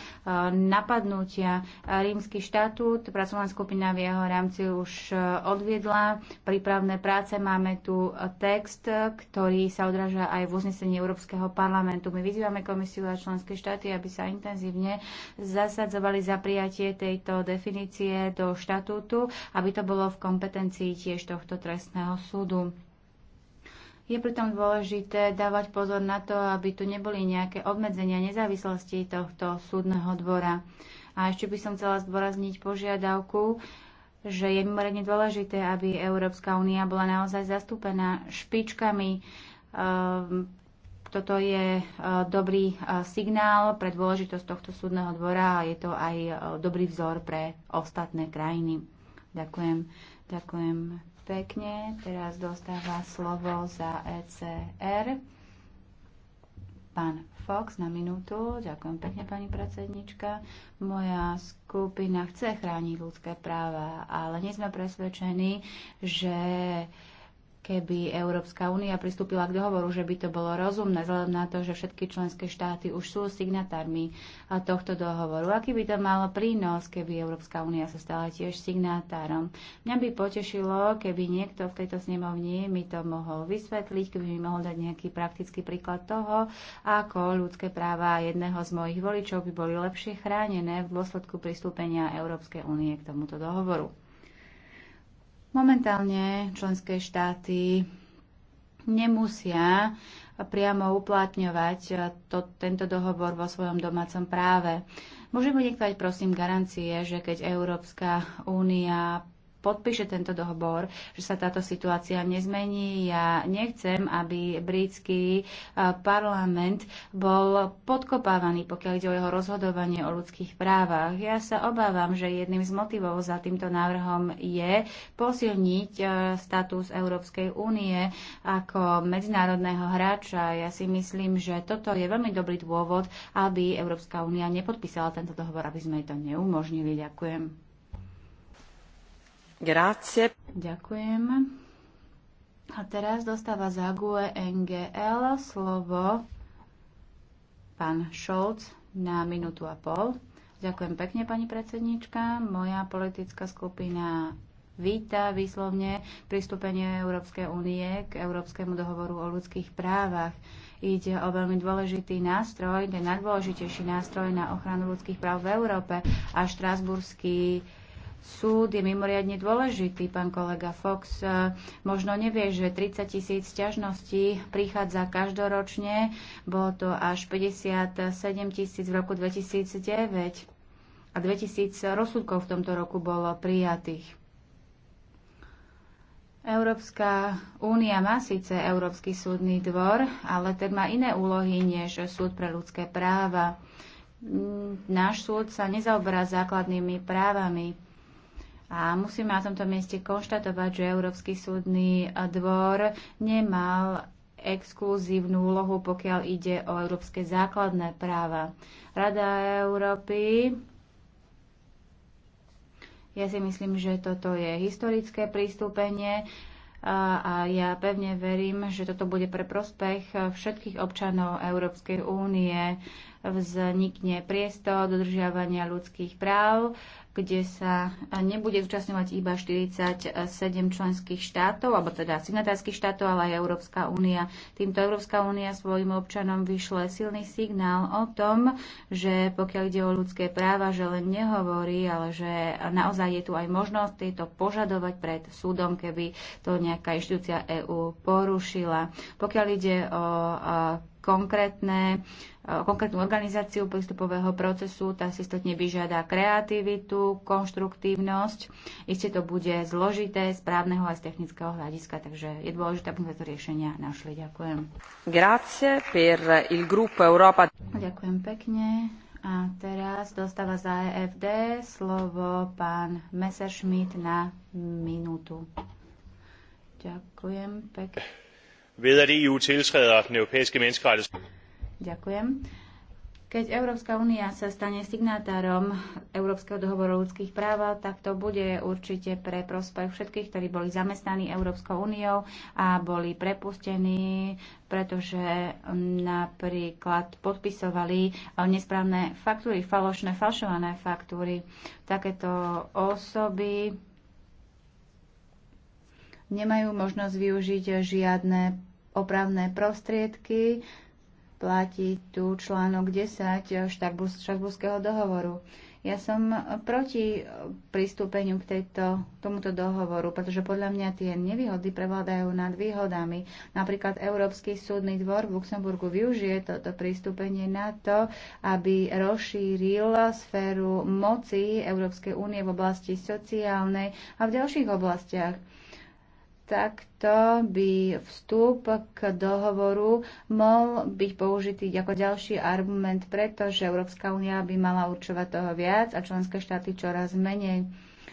napadnutia. Rímsky štatút, pracovná skupina v jeho rámci už odviedla. Prípravné práce máme tu text, ktorý sa odráža aj v uznesení Európskeho parlamentu. My vyzývame komisiu a členské štáty, aby sa intenzívne zasadzovali za prijatie tejto definície do štatútu, aby to bolo v kompetencii tiež tohto trestného súdu. Je pritom dôležité dávať pozor na to, aby tu neboli nejaké obmedzenia nezávislosti tohto súdneho dvora. A ešte by som chcela zdôrazniť požiadavku, že je mimoriadne dôležité, aby Európska únia bola naozaj zastúpená špičkami. Ehm, toto je e, dobrý e, signál pre dôležitosť tohto súdneho dvora a je to aj e, dobrý vzor pre ostatné krajiny. Ďakujem. Ďakujem pekne. Teraz dostáva slovo za ECR. Pán Fox na minútu. Ďakujem pekne, pani predsednička. Moja skupina chce chrániť ľudské práva, ale nie sme presvedčení, že keby Európska únia pristúpila k dohovoru, že by to bolo rozumné, vzhľadom na to, že všetky členské štáty už sú signatármi tohto dohovoru. Aký by to malo prínos, keby Európska únia sa stala tiež signatárom? Mňa by potešilo, keby niekto v tejto snemovni mi to mohol vysvetliť, keby mi mohol dať nejaký praktický príklad toho, ako ľudské práva jedného z mojich voličov by boli lepšie chránené v dôsledku pristúpenia Európskej únie k tomuto dohovoru. Momentálne členské štáty nemusia priamo uplatňovať to, tento dohovor vo svojom domácom práve. Môže mi prosím garancie, že keď Európska únia podpíše tento dohovor, že sa táto situácia nezmení. Ja nechcem, aby britský e, parlament bol podkopávaný, pokiaľ ide o jeho rozhodovanie o ľudských právach. Ja sa obávam, že jedným z motivov za týmto návrhom je posilniť e, status Európskej únie ako medzinárodného hráča. Ja si myslím, že toto je veľmi dobrý dôvod, aby Európska únia nepodpísala tento dohovor, aby sme jej to neumožnili. Ďakujem. Ďakujem. A teraz dostáva za GUE NGL slovo pán Šolc na minútu a pol. Ďakujem pekne, pani predsednička. Moja politická skupina víta výslovne pristúpenie Európskej únie k Európskemu dohovoru o ľudských právach. Ide o veľmi dôležitý nástroj, ten najdôležitejší nástroj na ochranu ľudských práv v Európe a štrasburský súd je mimoriadne dôležitý. Pán kolega Fox možno nevie, že 30 tisíc ťažností prichádza každoročne. Bolo to až 57 tisíc v roku 2009 a 2000 rozsudkov v tomto roku bolo prijatých. Európska únia má síce Európsky súdny dvor, ale ten má iné úlohy než súd pre ľudské práva. Náš súd sa nezaoberá základnými právami a musíme na tomto mieste konštatovať, že Európsky súdny dvor nemal exkluzívnu úlohu, pokiaľ ide o európske základné práva. Rada Európy ja si myslím, že toto je historické prístupenie a, a ja pevne verím, že toto bude pre prospech všetkých občanov Európskej únie. Vznikne priestor dodržiavania ľudských práv kde sa eh, nebude zúčastňovať iba 47 členských štátov, alebo teda signatárskych štátov, ale aj Európska únia. Týmto Európska únia svojim občanom vyšle silný signál o tom, že pokiaľ ide o ľudské práva, že len nehovorí, ale že naozaj je tu aj možnosť tejto požadovať pred súdom, keby to nejaká inštitúcia EÚ porušila. Pokiaľ ide o eh, konkrétne, e, konkrétnu organizáciu prístupového procesu. Tá si istotne vyžiada kreativitu, konštruktívnosť. Isté to bude zložité z právneho aj z technického hľadiska, takže je dôležité, aby sme to riešenia našli. Ďakujem. Grazie per il gruppo Europa. Ďakujem pekne. A teraz dostáva za EFD slovo pán Messerschmidt na minútu. Ďakujem pekne ved at EU tiltræder den europæiske menneskerettighedskonvention. Ďakujem. Keď Európska únia sa stane signatárom Európskeho dohovoru o ľudských právach, tak to bude určite pre prospech všetkých, ktorí boli zamestnaní Európskou úniou a boli prepustení, pretože napríklad podpisovali nesprávne faktúry, falošné, falšované faktúry. Takéto osoby nemajú možnosť využiť žiadne opravné prostriedky, platí tu článok 10 Štrasburského dohovoru. Ja som proti pristúpeniu k tejto, tomuto dohovoru, pretože podľa mňa tie nevýhody prevládajú nad výhodami. Napríklad Európsky súdny dvor v Luxemburgu využije toto pristúpenie na to, aby rozšíril sféru moci Európskej únie v oblasti sociálnej a v ďalších oblastiach. Takto by vstup k dohovoru mohol byť použitý ako ďalší argument, pretože Európska únia by mala určovať toho viac a členské štáty čoraz menej.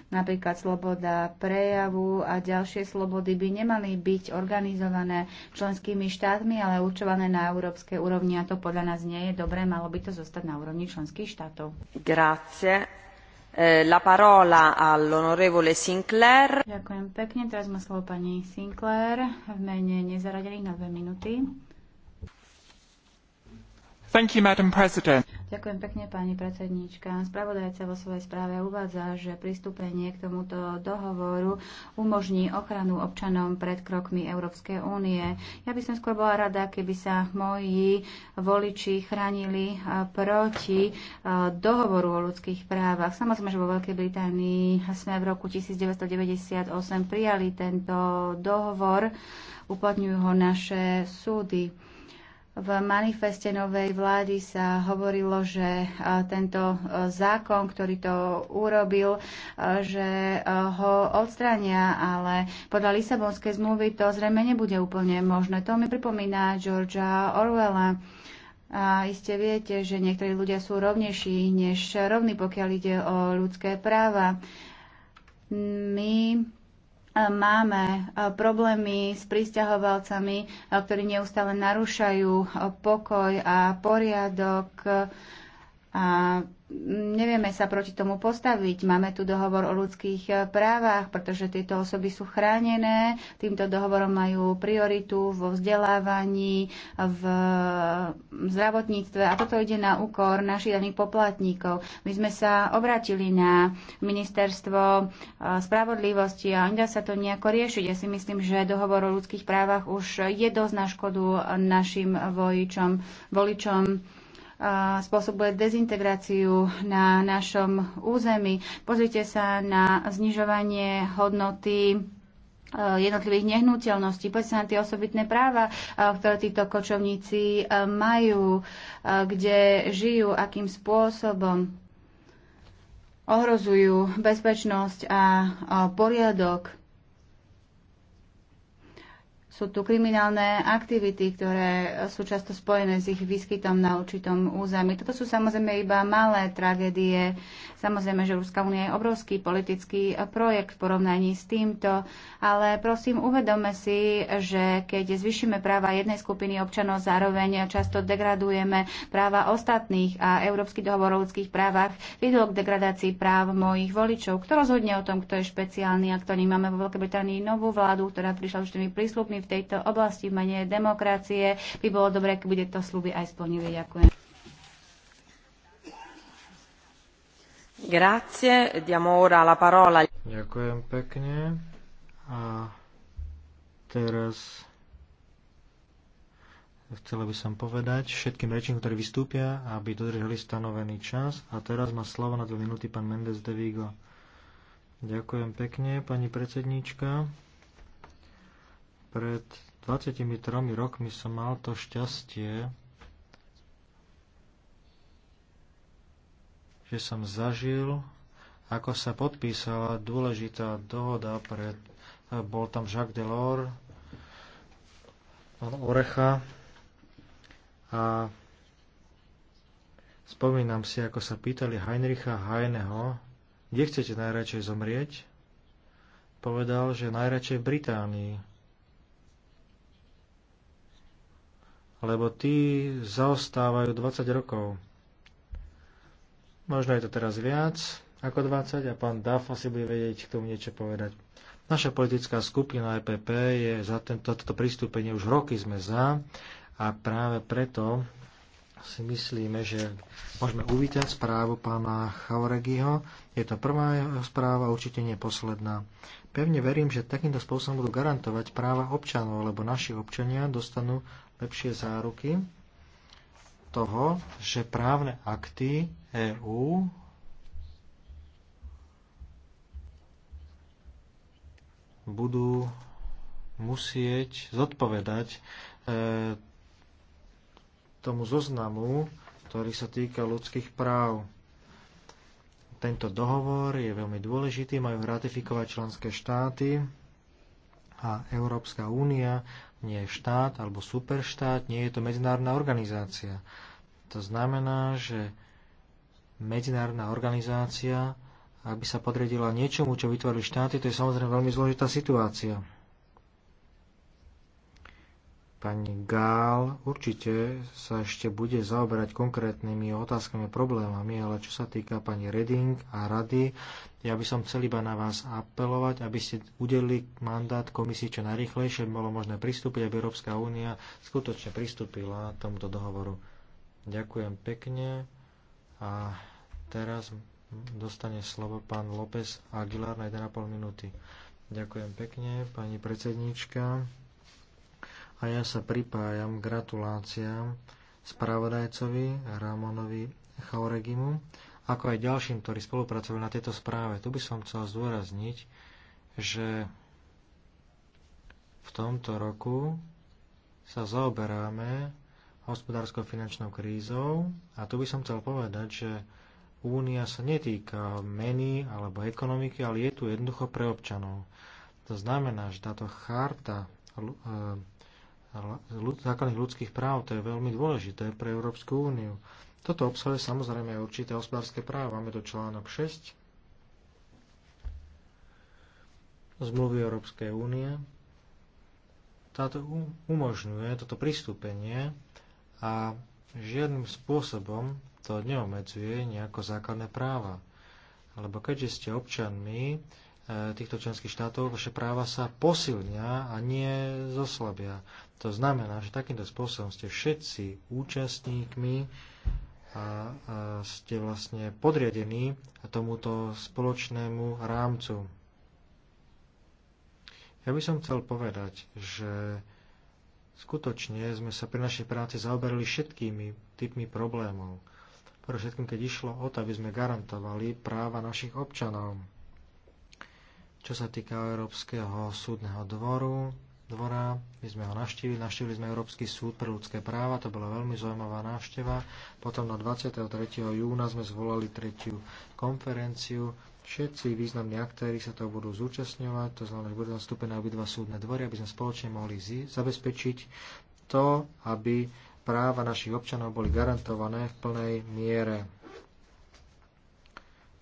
Napríklad sloboda prejavu a ďalšie slobody by nemali byť organizované členskými štátmi, ale určované na európskej úrovni a to podľa nás nie je dobré, malo by to zostať na úrovni členských štátov. Grazie. Eh, la parola all'onorevole Sinclair. Ďakujem pekne. Teraz má slovo pani Sinclair v mene nezaradených na dve minúty. Thank you, Madam President. Ďakujem pekne, pani predsedníčka. Spravodajca vo svojej správe uvádza, že pristúpenie k tomuto dohovoru umožní ochranu občanom pred krokmi Európskej únie. Ja by som skôr bola rada, keby sa moji voliči chránili proti dohovoru o ľudských právach. Samozrejme, že vo Veľkej Británii sme v roku 1998 prijali tento dohovor, uplatňujú ho naše súdy. V manifeste novej vlády sa hovorilo, že e, tento e, zákon, ktorý to urobil, e, že ho odstrania, ale podľa Lisabonskej zmluvy to zrejme nebude úplne možné. To mi pripomína Georgia Orwella. A iste viete, že niektorí ľudia sú rovnejší než rovní, pokiaľ ide o ľudské práva. My máme eh, problémy s pristahovalcami, eh, ktorí neustále narúšajú eh, pokoj a poriadok a nevieme sa proti tomu postaviť. Máme tu dohovor o ľudských eh, právach, pretože tieto osoby sú chránené. Týmto dohovorom majú prioritu vo vzdelávaní, v eh, zdravotníctve a toto ide na úkor našich daných poplatníkov. My sme sa obratili na ministerstvo eh, spravodlivosti a nedá sa to nejako riešiť. Ja si myslím, že dohovor o ľudských právach už je dosť na škodu našim voličom. voličom spôsobuje dezintegráciu na našom území. Pozrite sa na znižovanie hodnoty e, jednotlivých nehnuteľností, poďte sa na tie osobitné práva, e, ktoré títo kočovníci e, majú, kde žijú, akým spôsobom ohrozujú bezpečnosť a poriadok sú tu kriminálne aktivity, ktoré sú často spojené s ich výskytom na určitom území. Toto sú samozrejme iba malé tragédie. Samozrejme, že Európska únia je obrovský politický projekt v porovnaní s týmto, ale prosím, uvedome si, že keď zvyšíme práva jednej skupiny občanov, zároveň často degradujeme práva ostatných a Európsky dohovor o ľudských právach viedol k degradácii práv mojich voličov. Kto rozhodne o tom, kto je špeciálny a kto nemáme vo Veľkej Británii novú vládu, ktorá prišla už tými prísľubmi v tejto oblasti v mene demokracie. By bolo dobré, keď bude to sluby aj splnili. Ďakujem. Grazie, diamo ora la parola. Ďakujem pekne. A teraz chcela by som povedať všetkým rečím, ktorí vystúpia, aby dodržali stanovený čas. A teraz má slovo na dve minúty pán Mendes de Vigo. Ďakujem pekne, pani predsedníčka. Pred 23 rokmi som mal to šťastie, že som zažil, ako sa podpísala dôležitá dohoda pred... Eh, bol tam Jacques Delors, pán Orecha a spomínam si, ako sa pýtali Heinricha Heineho, kde chcete najradšej zomrieť? Povedal, že najradšej v Británii. lebo tí zaostávajú 20 rokov. Možno je to teraz viac ako 20 a pán Duff asi bude vedieť k tomu niečo povedať. Naša politická skupina EPP je za tento, toto pristúpenie už roky sme za a práve preto si myslíme, že môžeme uvítať správu pána Chauregiho. Je to prvá jeho správa, určite nie posledná. Pevne verím, že takýmto spôsobom budú garantovať práva občanov, lebo naši občania dostanú lepšie záruky toho, že právne akty EÚ budú musieť zodpovedať e, tomu zoznamu, ktorý sa týka ľudských práv. Tento dohovor je veľmi dôležitý, majú ratifikovať členské štáty a Európska únia nie je štát alebo superštát, nie je to medzinárodná organizácia. To znamená, že medzinárodná organizácia, aby sa podriedila niečomu, čo vytvorili štáty, to je samozrejme veľmi zložitá situácia. Pani Gál určite sa ešte bude zaoberať konkrétnymi otázkami, a problémami, ale čo sa týka pani Reding a rady, ja by som chcel iba na vás apelovať, aby ste udelili mandát komisii čo najrychlejšie, bolo možné pristúpiť, aby Európska únia skutočne pristúpila tomuto dohovoru. Ďakujem pekne a teraz dostane slovo pán López Aguilar na 1,5 minúty. Ďakujem pekne, pani predsedníčka a ja sa pripájam k gratuláciám spravodajcovi Ramonovi Chauregimu, ako aj ďalším, ktorí spolupracujú na tejto správe. Tu by som chcel zdôrazniť, že v tomto roku sa zaoberáme hospodárskou finančnou krízou a tu by som chcel povedať, že únia sa netýka meny alebo ekonomiky, ale je tu jednoducho pre občanov. To znamená, že táto charta e, základných ľudských práv. To je veľmi dôležité pre Európsku úniu. Toto obsahuje samozrejme aj určité hospodárske práva. Máme to článok 6 zmluvy Európskej únie. Táto umožňuje toto pristúpenie a žiadnym spôsobom to neomedzuje nejako základné práva. Lebo keďže ste občanmi E, týchto členských štátov, vaše práva sa posilnia a nie zoslabia. To znamená, že takýmto spôsobom ste všetci účastníkmi a, a ste vlastne podriadení tomuto spoločnému rámcu. Ja by som chcel povedať, že skutočne sme sa pri našej práci zaoberali všetkými typmi problémov. Pre všetkým, keď išlo o to, aby sme garantovali práva našich občanov. Čo sa týka Európskeho súdneho dvoru, dvora, my sme ho navštívili, navštívili sme Európsky súd pre ľudské práva, to bola veľmi zaujímavá návšteva. Potom na 23. júna sme zvolali tretiu konferenciu, Všetci významní aktéry sa toho budú zúčastňovať, to znamená, že budú nastúpené obidva súdne dvory, aby sme spoločne mohli zabezpečiť to, aby práva našich občanov boli garantované v plnej miere.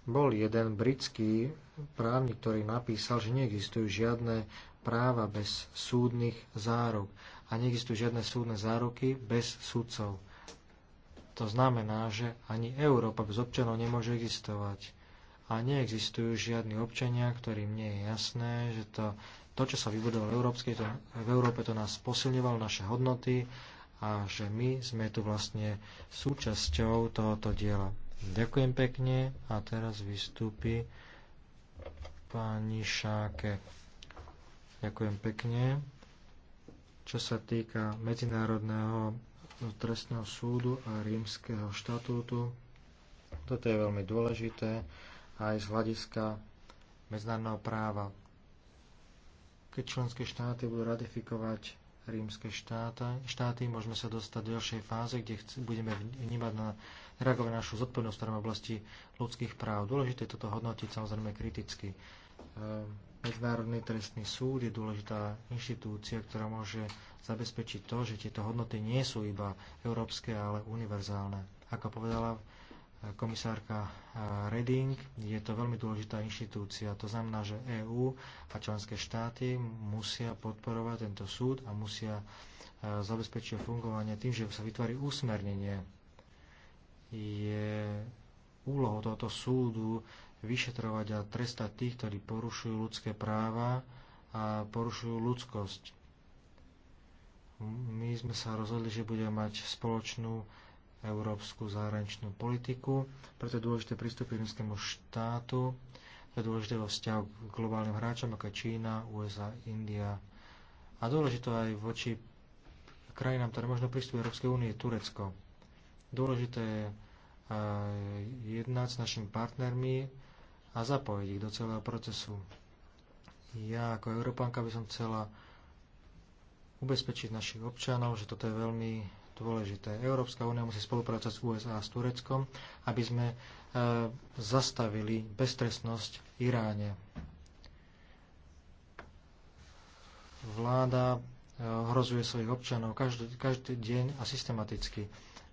Bol jeden britský právnik, ktorý napísal, že neexistujú žiadne práva bez súdnych zárok. a neexistujú žiadne súdne záruky bez súdcov. To znamená, že ani Európa bez občanov nemôže existovať. A neexistujú žiadni občania, ktorým nie je jasné, že to, to čo sa vybudovalo v, Európskej, to, v Európe, to nás posilňovalo, naše hodnoty a že my sme tu vlastne súčasťou tohoto diela. Ďakujem pekne a teraz vystúpi pani Šáke. Ďakujem pekne. Čo sa týka Medzinárodného trestného súdu a rímskeho štatútu, toto je veľmi dôležité aj z hľadiska medzinárodného práva. Keď členské štáty budú ratifikovať rímske štáty, štáty, môžeme sa dostať do ďalšej fáze, kde budeme vnímať na reagovať na našu zodpovednosť v oblasti ľudských práv. Dôležité je toto hodnotiť samozrejme kriticky. Ehm, Medzinárodný trestný súd je dôležitá inštitúcia, ktorá môže zabezpečiť to, že tieto hodnoty nie sú iba európske, ale univerzálne. Ako povedala e, komisárka e, Reding, je to veľmi dôležitá inštitúcia. To znamená, že EÚ a členské štáty musia podporovať tento súd a musia e, zabezpečiť fungovanie tým, že sa vytvorí úsmernenie je úlohou tohoto súdu vyšetrovať a trestať tých, ktorí porušujú ľudské práva a porušujú ľudskosť. My sme sa rozhodli, že budeme mať spoločnú európsku zahraničnú politiku, preto je dôležité prístup k rímskému štátu, to je dôležité vo vzťahu k globálnym hráčom, ako je Čína, USA, India a dôležité aj voči krajinám, ktoré možno pristúpiť Európskej únie, Turecko. Dôležité je jednať s našimi partnermi a zapojiť ich do celého procesu. Ja ako Európanka by som chcela ubezpečiť našich občanov, že toto je veľmi dôležité. Európska únia musí spolupracovať s USA a s Tureckom, aby sme e, zastavili beztrestnosť v Iráne. Vláda e, hrozuje svojich občanov každý, každý deň a systematicky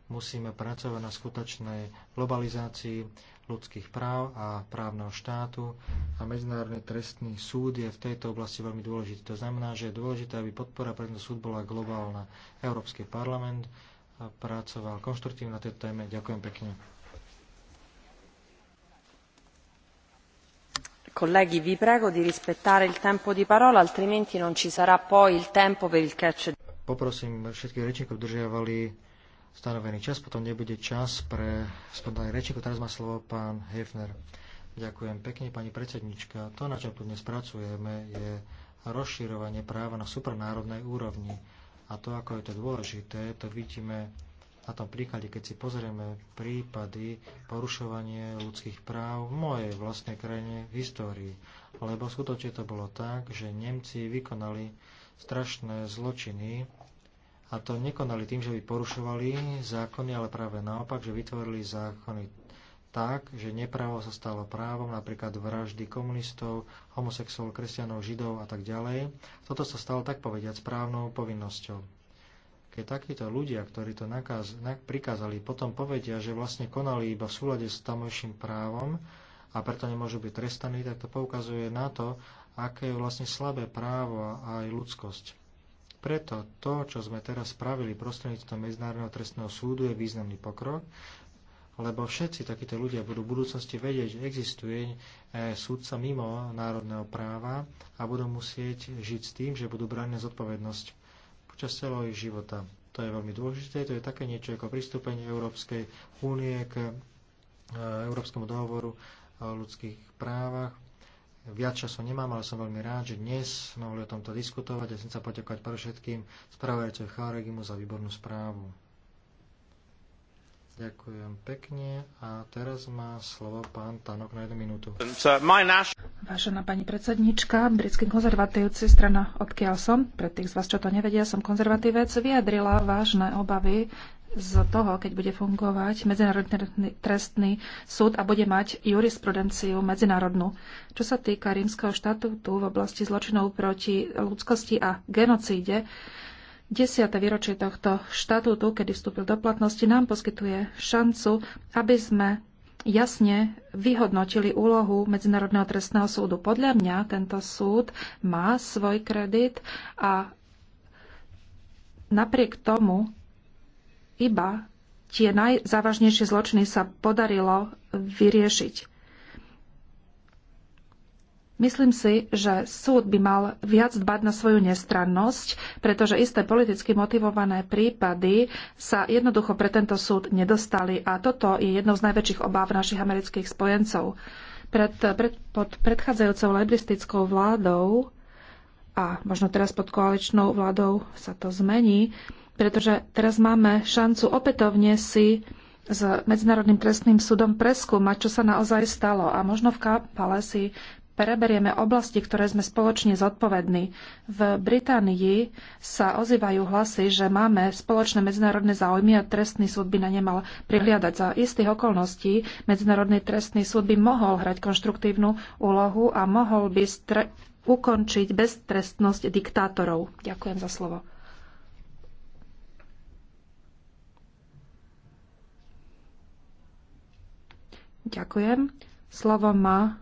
musíme pracovať na skutočnej globalizácii ľudských práv a právneho štátu a Medzinárodný trestný súd je v tejto oblasti veľmi dôležitý. To znamená, že je dôležité, aby podpora pre tento súd bola globálna. Európsky parlament pracoval konštruktívne na tejto téme. Ďakujem pekne. Colleghi, vi prego di rispettare il tempo di parola, altrimenti non ci sarà poi il tempo per il catch. Poprosím všetkých rečníkov, držiavali stanovený čas, potom nebude čas pre spontánnych rečníkov. Teraz má slovo pán Hefner. Ďakujem pekne, pani predsednička. To, na čom tu dnes pracujeme, je rozširovanie práva na supranárodnej úrovni. A to, ako je to dôležité, to vidíme na tom príklade, keď si pozrieme prípady porušovanie ľudských práv v mojej vlastnej krajine v histórii. Lebo skutočne to bolo tak, že Nemci vykonali strašné zločiny a to nekonali tým, že by porušovali zákony, ale práve naopak, že vytvorili zákony tak, že nepravo sa stalo právom, napríklad vraždy komunistov, homosexuálov, kresťanov, židov a tak ďalej. Toto sa stalo tak povediať správnou povinnosťou. Keď takíto ľudia, ktorí to nakaz, nak, prikázali, potom povedia, že vlastne konali iba v súlade s tamojším právom a preto nemôžu byť trestaní, tak to poukazuje na to, aké je vlastne slabé právo a aj ľudskosť. Preto to, čo sme teraz spravili prostredníctvom Medzinárodného trestného súdu, je významný pokrok, lebo všetci takíto ľudia budú v budúcnosti vedieť, že existuje e, súdca mimo národného práva a budú musieť žiť s tým, že budú brať zodpovednosť počas celého ich života. To je veľmi dôležité, to je také niečo ako pristúpenie Európskej únie k e, Európskemu dohovoru o ľudských právach viac času nemám, ale som veľmi rád, že dnes sme mohli o tomto diskutovať a chcem sa poďakovať pre všetkým spravodajcovi Cháregimu za výbornú správu. Ďakujem pekne a teraz má slovo pán Tanok na jednu minútu. Vážená pani predsednička, britskí konzervatívci, strana odkiaľ som, pre tých z vás, čo to nevedia, som konzervatívec, vyjadrila vážne obavy z toho, keď bude fungovať Medzinárodný trestný súd a bude mať jurisprudenciu medzinárodnú. Čo sa týka rímskeho štatútu v oblasti zločinov proti ľudskosti a genocíde, 10. výročie tohto štatútu, kedy vstúpil do platnosti, nám poskytuje šancu, aby sme jasne vyhodnotili úlohu Medzinárodného trestného súdu. Podľa mňa tento súd má svoj kredit a napriek tomu iba tie najzávažnejšie zločiny sa podarilo vyriešiť. Myslím si, že súd by mal viac dbať na svoju nestrannosť, pretože isté politicky motivované prípady sa jednoducho pre tento súd nedostali a toto je jednou z najväčších obáv našich amerických spojencov. Pred, pred, pod predchádzajúcou lebristickou vládou a možno teraz pod koaličnou vládou sa to zmení, pretože teraz máme šancu opätovne si s Medzinárodným trestným súdom preskúmať, čo sa naozaj stalo. A možno v Kápale si preberieme oblasti, ktoré sme spoločne zodpovední. V Británii sa ozývajú hlasy, že máme spoločné medzinárodné záujmy a trestný súd by na ne mal prihliadať. Za istých okolností Medzinárodný trestný súd by mohol hrať konštruktívnu úlohu a mohol by ukončiť beztrestnosť diktátorov. Ďakujem za slovo. Ďakujem. Slovo má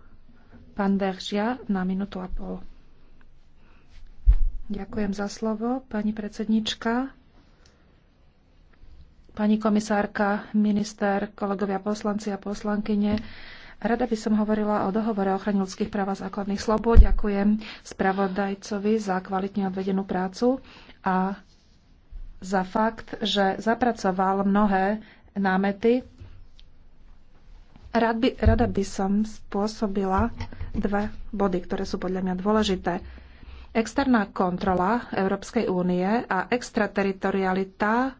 pán Veržia na minútu a pol. Ďakujem za slovo, pani predsednička. Pani komisárka, minister, kolegovia poslanci a poslankyne, Rada by som hovorila o dohovore o ochrane ľudských práv a základných slobod. Ďakujem spravodajcovi za kvalitne odvedenú prácu a za fakt, že zapracoval mnohé námety Rad by, rada by som spôsobila dve body, ktoré sú podľa mňa dôležité. Externá kontrola Európskej únie a extrateritorialita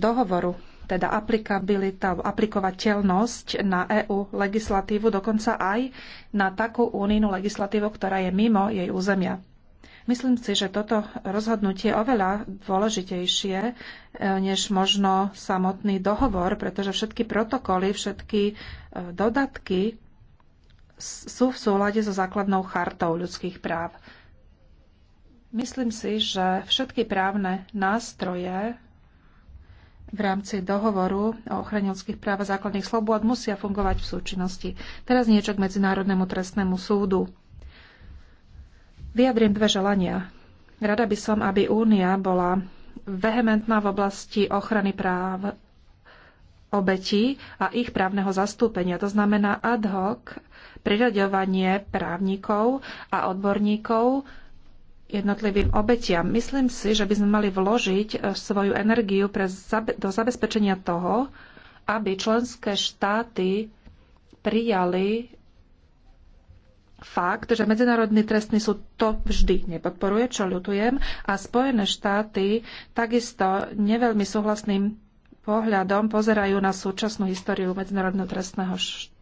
dohovoru, teda aplikabilita, aplikovateľnosť na EU legislatívu, dokonca aj na takú unijnú legislatívu, ktorá je mimo jej územia. Myslím si, že toto rozhodnutie je oveľa dôležitejšie e, než možno samotný dohovor, pretože všetky protokoly, všetky e, dodatky sú v súlade so základnou chartou ľudských práv. Myslím si, že všetky právne nástroje v rámci dohovoru o ochrane ľudských práv a základných slobôd musia fungovať v súčinnosti. Teraz niečo k Medzinárodnému trestnému súdu. Vyjadrím dve želania. Rada by som, aby Únia bola vehementná v oblasti ochrany práv obetí a ich právneho zastúpenia. To znamená ad hoc priraďovanie právnikov a odborníkov jednotlivým obetiam. Myslím si, že by sme mali vložiť eh, svoju energiu pre, do zabezpečenia toho, aby členské štáty prijali fakt, že Medzinárodný trestný súd to vždy nepodporuje, čo ľutujem, a Spojené štáty takisto neveľmi súhlasným pohľadom pozerajú na súčasnú históriu Medzinárodného trestného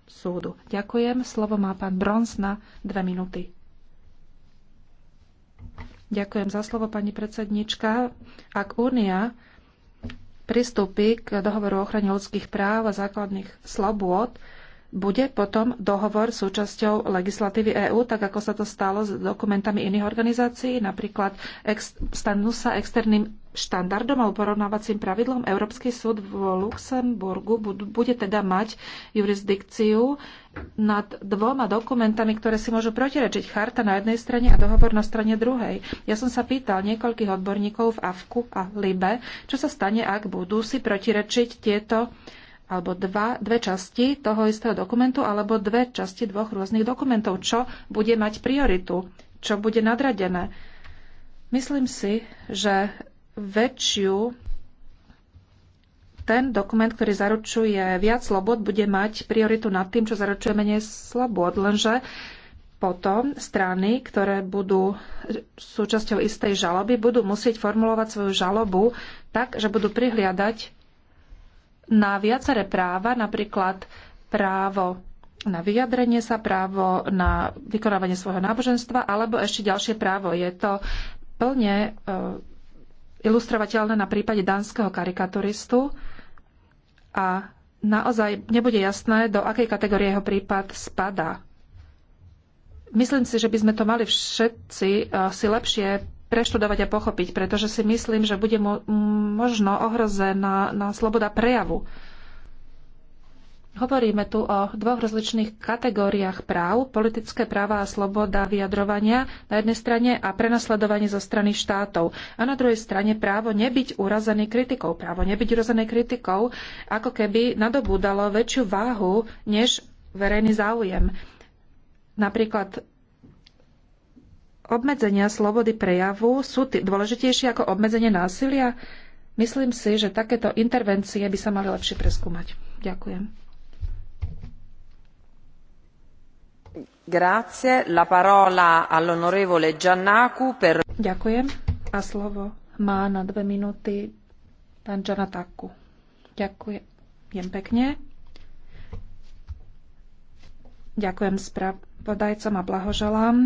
súdu. Ďakujem. Slovo má pán Brons na dve minúty. Ďakujem za slovo, pani predsednička. Ak Únia pristúpi k dohovoru o ochrane ľudských práv a základných slobôd, bude potom dohovor súčasťou legislatívy EÚ, tak ako sa to stalo s dokumentami iných organizácií, napríklad ex, stanú sa externým štandardom alebo porovnávacím pravidlom. Európsky súd v Luxemburgu bude teda mať jurisdikciu nad dvoma dokumentami, ktoré si môžu protirečiť. Charta na jednej strane a dohovor na strane druhej. Ja som sa pýtal niekoľkých odborníkov v AFKu a LIBE, čo sa stane, ak budú si protirečiť tieto alebo dva, dve časti toho istého dokumentu, alebo dve časti dvoch rôznych dokumentov. Čo bude mať prioritu? Čo bude nadradené? Myslím si, že väčšiu ten dokument, ktorý zaručuje viac slobod, bude mať prioritu nad tým, čo zaručuje menej slobod. Lenže potom strany, ktoré budú súčasťou istej žaloby, budú musieť formulovať svoju žalobu tak, že budú prihliadať na viaceré práva, napríklad právo na vyjadrenie sa, právo na vykonávanie svojho náboženstva alebo ešte ďalšie právo. Je to plne eh, ilustrovateľné na prípade dánskeho karikaturistu a naozaj nebude jasné, do akej kategórie jeho prípad spadá. Myslím si, že by sme to mali všetci eh, si lepšie preštudovať a pochopiť, pretože si myslím, že bude mo- možno ohrozená na no, sloboda prejavu. Hovoríme tu o dvoch rozličných kategóriách práv, politické práva a sloboda vyjadrovania na jednej strane a prenasledovanie zo strany štátov. A na druhej strane právo nebyť urazený kritikou. Právo nebyť urazený kritikou ako keby nadobúdalo väčšiu váhu než verejný záujem. Napríklad obmedzenia slobody prejavu sú dôležitejšie ako obmedzenie násilia? Myslím si, že takéto intervencie by sa mali lepšie preskúmať. Ďakujem. Grazie. La parola all'onorevole Giannaku per... Ďakujem. A slovo má na dve minúty pán Giannataku. Ďakujem pekne. Ďakujem spravodajcom a blahoželám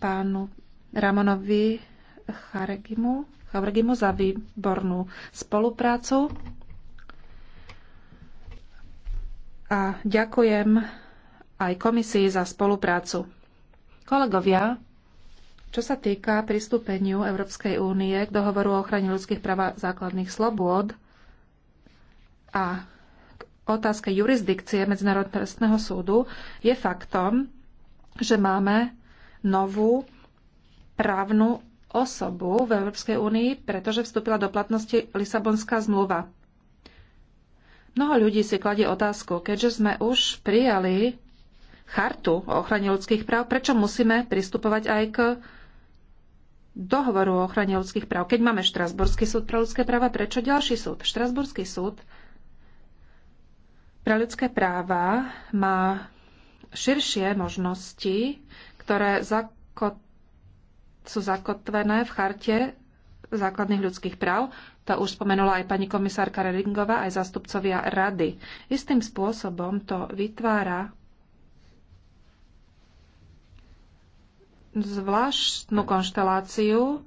pánu Ramonovi Charegimu, Charegimu za výbornú spoluprácu. A ďakujem aj komisii za spoluprácu. Kolegovia, čo sa týka pristúpeniu Európskej únie k dohovoru o ochrane ľudských práv a základných slobôd a k otázke jurisdikcie Medzinárodného trestného súdu, je faktom, že máme novú právnu osobu v Európskej únii, pretože vstúpila do platnosti Lisabonská zmluva. Mnoho ľudí si kladie otázku, keďže sme už prijali chartu o ochrane ľudských práv, prečo musíme pristupovať aj k dohovoru o ochrane ľudských práv. Keď máme Štrasburský súd pre ľudské práva, prečo ďalší súd? Štrasburský súd pre ľudské práva má širšie možnosti, ktoré zakotujú sú zakotvené v charte základných ľudských práv. To už spomenula aj pani komisárka Redingová, aj zastupcovia rady. Istým spôsobom to vytvára zvláštnu konšteláciu,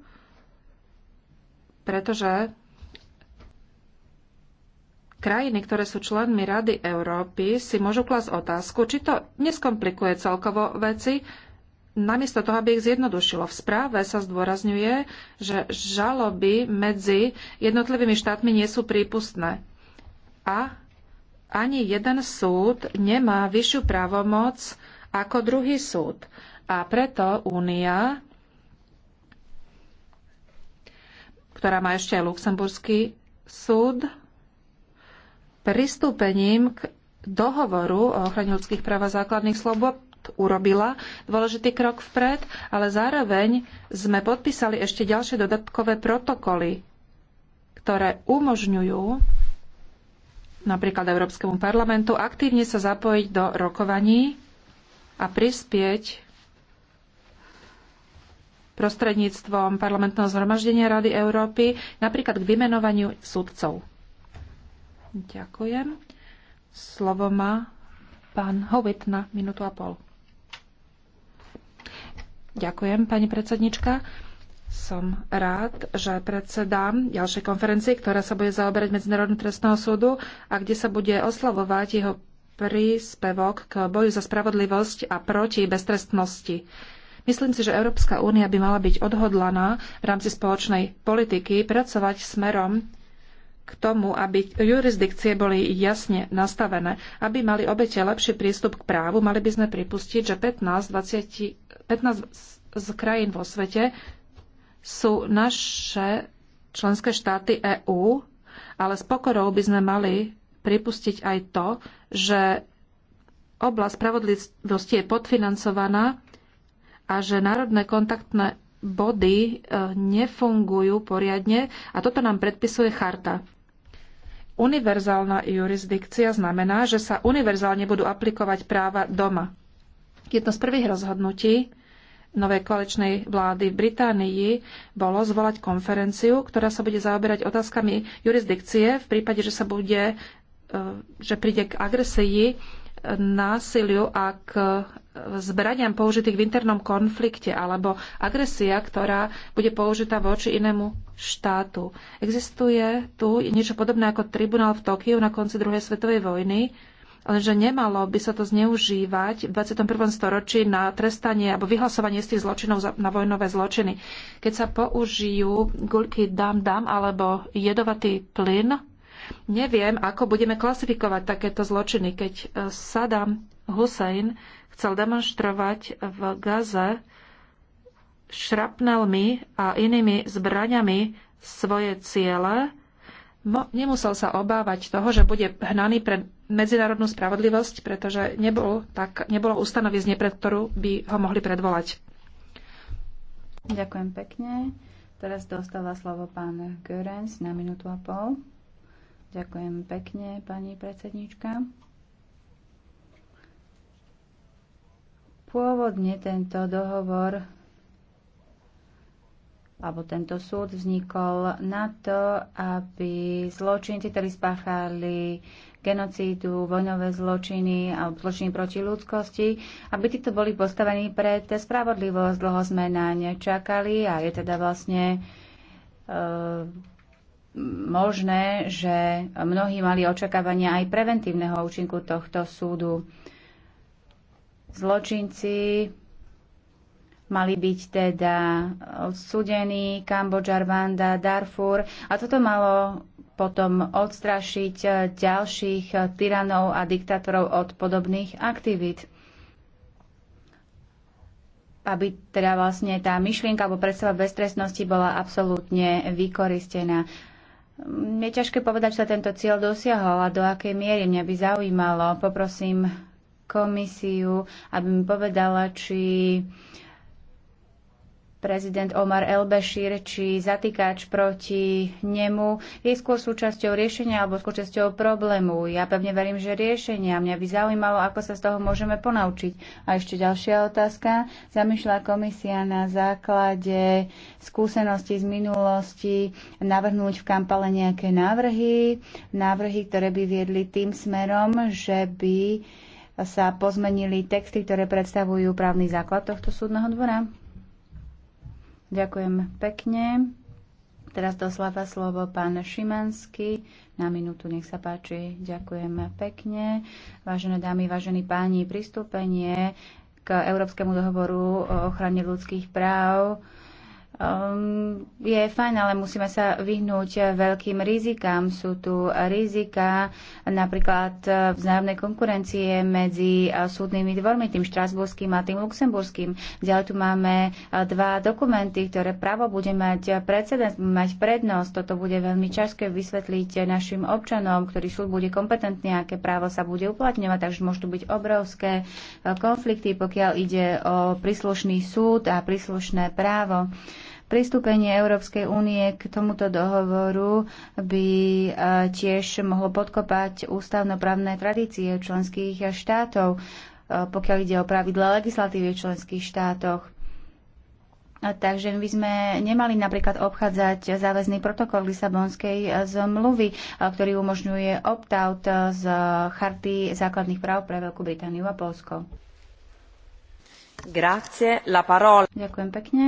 pretože Krajiny, ktoré sú členmi Rady Európy, si môžu klasť otázku, či to neskomplikuje celkovo veci namiesto toho, aby ich zjednodušilo. V správe sa zdôrazňuje, že žaloby medzi jednotlivými štátmi nie sú prípustné. A ani jeden súd nemá vyššiu právomoc ako druhý súd. A preto Únia, ktorá má ešte aj Luxemburský súd, pristúpením k dohovoru o ochrane ľudských práv a základných slobod urobila dôležitý krok vpred, ale zároveň sme podpísali ešte ďalšie dodatkové protokoly, ktoré umožňujú napríklad Európskemu parlamentu aktívne sa zapojiť do rokovaní a prispieť prostredníctvom parlamentného zhromaždenia Rady Európy napríklad k vymenovaniu sudcov. Ďakujem. Slovo má pán Hovit na minútu a pol. Ďakujem, pani predsednička. Som rád, že predsedám ďalšej konferencii, ktorá sa bude zaoberať Medzinárodným trestného súdu a kde sa bude oslavovať jeho príspevok k boju za spravodlivosť a proti beztrestnosti. Myslím si, že Európska únia by mala byť odhodlaná v rámci spoločnej politiky pracovať smerom k tomu, aby jurisdikcie boli jasne nastavené, aby mali obete lepší prístup k právu, mali by sme pripustiť, že 15, 20, 15 z krajín vo svete sú naše členské štáty EÚ, ale s pokorou by sme mali pripustiť aj to, že oblasť spravodlivosti je podfinancovaná a že národné kontaktné body e, nefungujú poriadne a toto nám predpisuje charta univerzálna jurisdikcia znamená, že sa univerzálne budú aplikovať práva doma. Jedno z prvých rozhodnutí novej koaličnej vlády v Británii bolo zvolať konferenciu, ktorá sa bude zaoberať otázkami jurisdikcie v prípade, že sa bude, e, že príde k agresii, e, násiliu a k zbraniam použitých v internom konflikte alebo agresia, ktorá bude použitá voči inému štátu. Existuje tu niečo podobné ako tribunál v Tokiu na konci druhej svetovej vojny, lenže nemalo by sa to zneužívať v 21. storočí na trestanie alebo vyhlasovanie z tých zločinov na vojnové zločiny. Keď sa použijú guľky dam-dam alebo jedovatý plyn, neviem, ako budeme klasifikovať takéto zločiny. Keď eh, Saddam Hussein chcel demonstrovať v Gaze šrapnelmi a inými zbraňami svoje ciele, mo- nemusel sa obávať toho, že bude hnaný pre medzinárodnú spravodlivosť, pretože nebol, tak, nebolo ustanovizne, pred ktorú by ho mohli predvolať. Ďakujem pekne. Teraz dostáva slovo pán Görens na minútu a pol. Ďakujem pekne, pani predsednička. Pôvodne tento dohovor alebo tento súd vznikol na to, aby zločinci, ktorí spáchali genocídu, vojnové zločiny alebo zločiny proti ľudskosti, aby títo boli postavení pred spravodlivosť. Dlho sme na ne čakali a je teda vlastne e, možné, že mnohí mali očakávania aj preventívneho účinku tohto súdu. Zločinci mali byť teda odsudení, Kambodža, Rwanda, Darfur a toto malo potom odstrašiť ďalších tyranov a diktátorov od podobných aktivít. Aby teda vlastne tá myšlienka alebo predstava beztrestnosti bola absolútne vykoristená. Je ťažké povedať, čo sa tento cieľ dosiahol a do akej miery mňa by zaujímalo. Poprosím komisiu, aby mi povedala, či prezident Omar El-Bashir či zatýkač proti nemu je skôr súčasťou riešenia alebo súčasťou problému. Ja pevne verím, že riešenia. Mňa by zaujímalo, ako sa z toho môžeme ponaučiť. A ešte ďalšia otázka. Zamýšľa komisia na základe skúseností z minulosti navrhnúť v kampale nejaké návrhy, návrhy, ktoré by viedli tým smerom, že by sa pozmenili texty, ktoré predstavujú právny základ tohto súdneho dvora? Ďakujem pekne. Teraz dosláva slovo pán Šimanský. Na minútu, nech sa páči. Ďakujem pekne. Vážené dámy, vážení páni, pristúpenie k Európskemu dohovoru o ochrane ľudských práv Um, je fajn, ale musíme sa vyhnúť veľkým rizikám. Sú tu rizika napríklad uh, vzájomnej konkurencie medzi uh, súdnymi dvormi, tým štrasburským a tým luxemburským. Ďalej tu máme uh, dva dokumenty, ktoré právo bude mať precedens, mať prednosť. Toto bude veľmi ťažké vysvetliť našim občanom, ktorý súd bude kompetentný, aké právo sa bude uplatňovať, takže môžu byť obrovské konflikty, pokiaľ ide o príslušný súd a príslušné právo. Pristúpenie Európskej únie k tomuto dohovoru by e, tiež mohlo podkopať ústavnoprávne tradície členských štátov, e, pokiaľ ide o pravidla legislatívy v členských štátoch. Takže by sme nemali napríklad obchádzať záväzný protokol Lisabonskej e, zmluvy, ktorý umožňuje opt-out z charty základných práv pre Veľkú Britániu a Polsko. Grazie, la parola. Ďakujem pekne.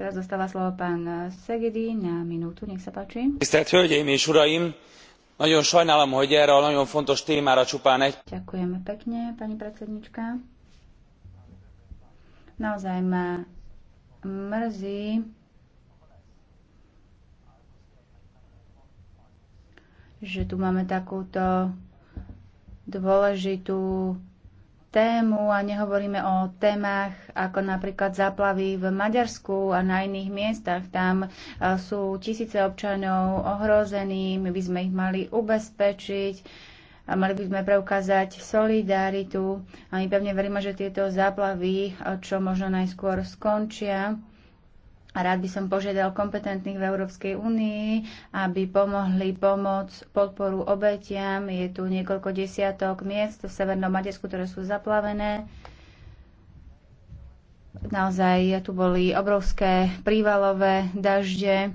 Teraz dostáva slovo pán Segedy na minútu, nech sa páči. Tisztelt Hölgyeim és Uraim! Nagyon sajnálom, hogy erre a nagyon fontos témára csupán egy... Ďakujeme pekne, pani predsednička. Naozaj ma mrzí, že tu máme takúto dôležitú tému a nehovoríme o témach ako napríklad záplavy v Maďarsku a na iných miestach. Tam e, sú tisíce občanov ohrození, my by sme ich mali ubezpečiť, a mali by sme preukázať solidaritu a my pevne veríme, že tieto záplavy e, čo možno najskôr skončia rád by som požiadal kompetentných v Európskej únii, aby pomohli pomoc, podporu obetiam. Je tu niekoľko desiatok miest v Severnom Maďarsku, ktoré sú zaplavené. Naozaj tu boli obrovské prívalové dažde,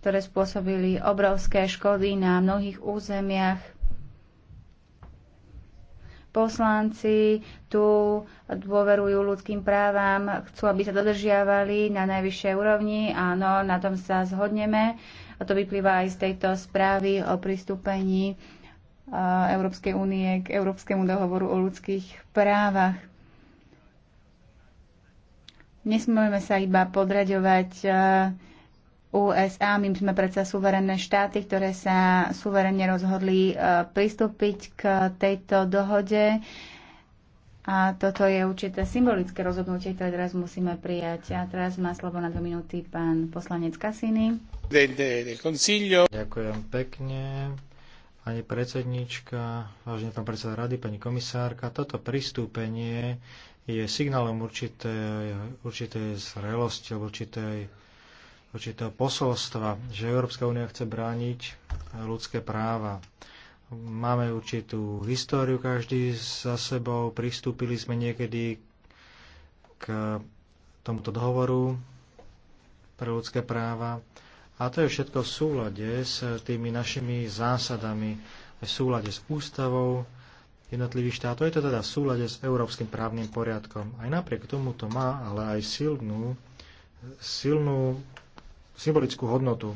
ktoré spôsobili obrovské škody na mnohých územiach poslanci tu dôverujú ľudským právam, chcú, aby sa dodržiavali na najvyššej úrovni. Áno, na tom sa zhodneme. A to vyplýva aj z tejto správy o pristúpení e, Európskej únie k Európskemu dohovoru o ľudských právach. Nesmieme sa iba podraďovať e, USA, my sme predsa suverénne štáty, ktoré sa suverénne rozhodli e, pristúpiť k tejto dohode. A toto je určité symbolické rozhodnutie, ktoré teraz musíme prijať. A teraz má slovo na dve minúty pán poslanec Kasiny. Ďakujem pekne. Pani predsednička, vážený pán predseda rady, pani komisárka, toto pristúpenie je signálom určitej, určitej zrelosti, určitej určitého posolstva, že Európska únia chce brániť ľudské práva. Máme určitú históriu každý za sebou, pristúpili sme niekedy k tomuto dohovoru pre ľudské práva a to je všetko v súlade s tými našimi zásadami, v súlade s ústavou jednotlivých štátov. Je to teda v súlade s európskym právnym poriadkom. Aj napriek tomu to má ale aj silnú, silnú symbolickú hodnotu.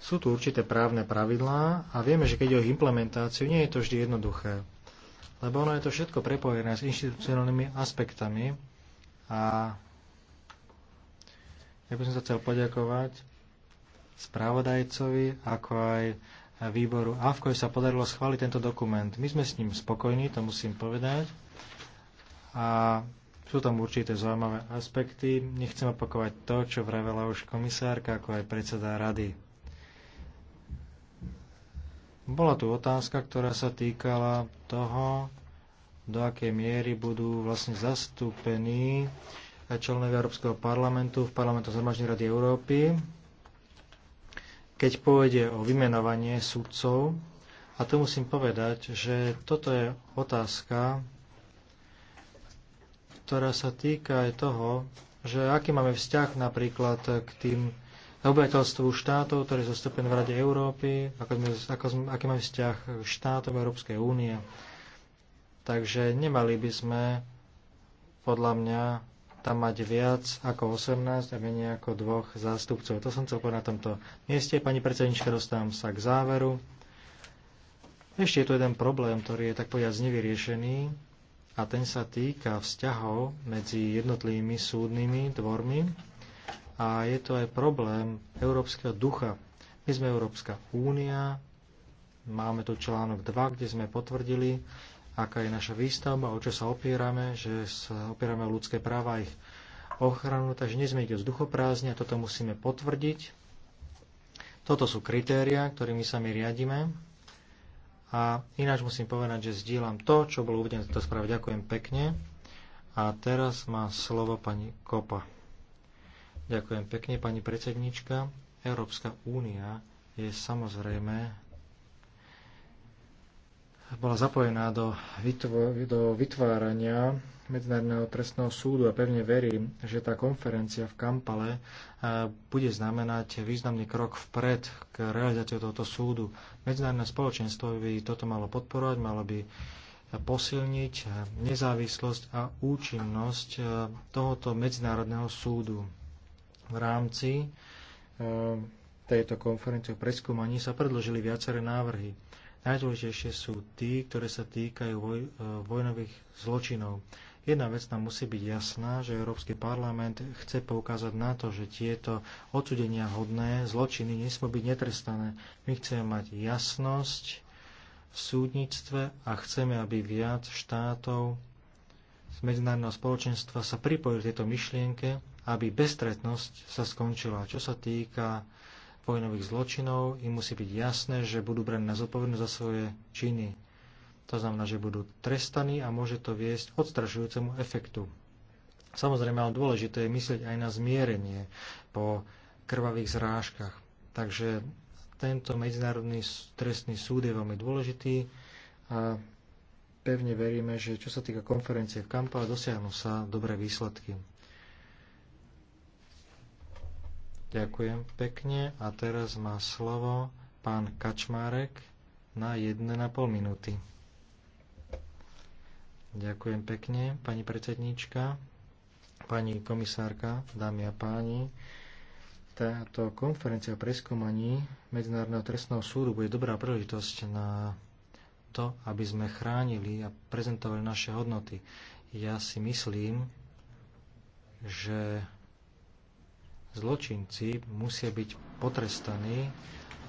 Sú tu určité právne pravidlá a vieme, že keď je o implementáciu, nie je to vždy jednoduché, lebo ono je to všetko prepojené s inštitucionálnymi aspektami a ja by som sa chcel poďakovať spravodajcovi, ako aj výboru AFKO sa podarilo schváliť tento dokument. My sme s ním spokojní, to musím povedať. A sú tam určité zaujímavé aspekty. Nechcem opakovať to, čo vravela už komisárka, ako aj predseda rady. Bola tu otázka, ktorá sa týkala toho, do akej miery budú vlastne zastúpení členovia Európskeho parlamentu v parlamentu Zhromaždnej rady Európy, keď pôjde o vymenovanie súdcov. A tu musím povedať, že toto je otázka, ktorá sa týka aj toho, že aký máme vzťah napríklad k tým obyvateľstvu štátov, ktoré sú zastúpené v Rade Európy, ako sme, ako sme, aký máme vzťah k štátom Európskej únie. Takže nemali by sme podľa mňa tam mať viac ako 18 a menej ako dvoch zástupcov. To som chcel povedať na tomto mieste. Pani predsednička, dostávam sa k záveru. Ešte je tu jeden problém, ktorý je tak povedať nevyriešený a ten sa týka vzťahov medzi jednotlivými súdnymi dvormi a je to aj problém európskeho ducha. My sme Európska únia, máme tu článok 2, kde sme potvrdili, aká je naša výstavba, o čo sa opierame, že sa opierame o ľudské práva a ich ochranu, takže nie sme ide vzduchoprázdne, toto musíme potvrdiť. Toto sú kritéria, ktorými sa my riadime a ináč musím povedať, že zdieľam to, čo bolo uvedené v tejto správe. Ďakujem pekne. A teraz má slovo pani Kopa. Ďakujem pekne, pani predsednička. Európska únia je samozrejme bola zapojená do, vytvo- do vytvárania Medzinárodného trestného súdu a pevne verím, že tá konferencia v Kampale eh, bude znamenať významný krok vpred k realizáciu tohoto súdu. Medzinárodné spoločenstvo by toto malo podporovať, malo by posilniť eh, nezávislosť a účinnosť eh, tohoto medzinárodného súdu. V rámci tejto konferencie o preskúmaní sa predložili viaceré návrhy. Najdôležitejšie sú tí, ktoré sa týkajú voj, e, vojnových zločinov. Jedna vec nám musí byť jasná, že Európsky parlament chce poukázať na to, že tieto odsudenia hodné zločiny nesmú byť netrestané. My chceme mať jasnosť v súdnictve a chceme, aby viac štátov z medzinárodného spoločenstva sa pripojili tejto myšlienke, aby bezstretnosť sa skončila. Čo sa týka vojnových zločinov, im musí byť jasné, že budú braní na zodpovednosť za svoje činy. To znamená, že budú trestaní a môže to viesť odstrašujúcemu efektu. Samozrejme, ale dôležité je myslieť aj na zmierenie po krvavých zrážkach. Takže tento medzinárodný trestný súd je veľmi dôležitý a pevne veríme, že čo sa týka konferencie v Kampale, dosiahnu sa dobré výsledky. Ďakujem pekne a teraz má slovo pán Kačmárek na 1,5 minúty. Ďakujem pekne, pani predsedníčka, pani komisárka, dámy a páni. Táto konferencia o preskúmaní Medzinárodného trestného súdu bude dobrá príležitosť na to, aby sme chránili a prezentovali naše hodnoty. Ja si myslím, že Zločinci musia byť potrestaní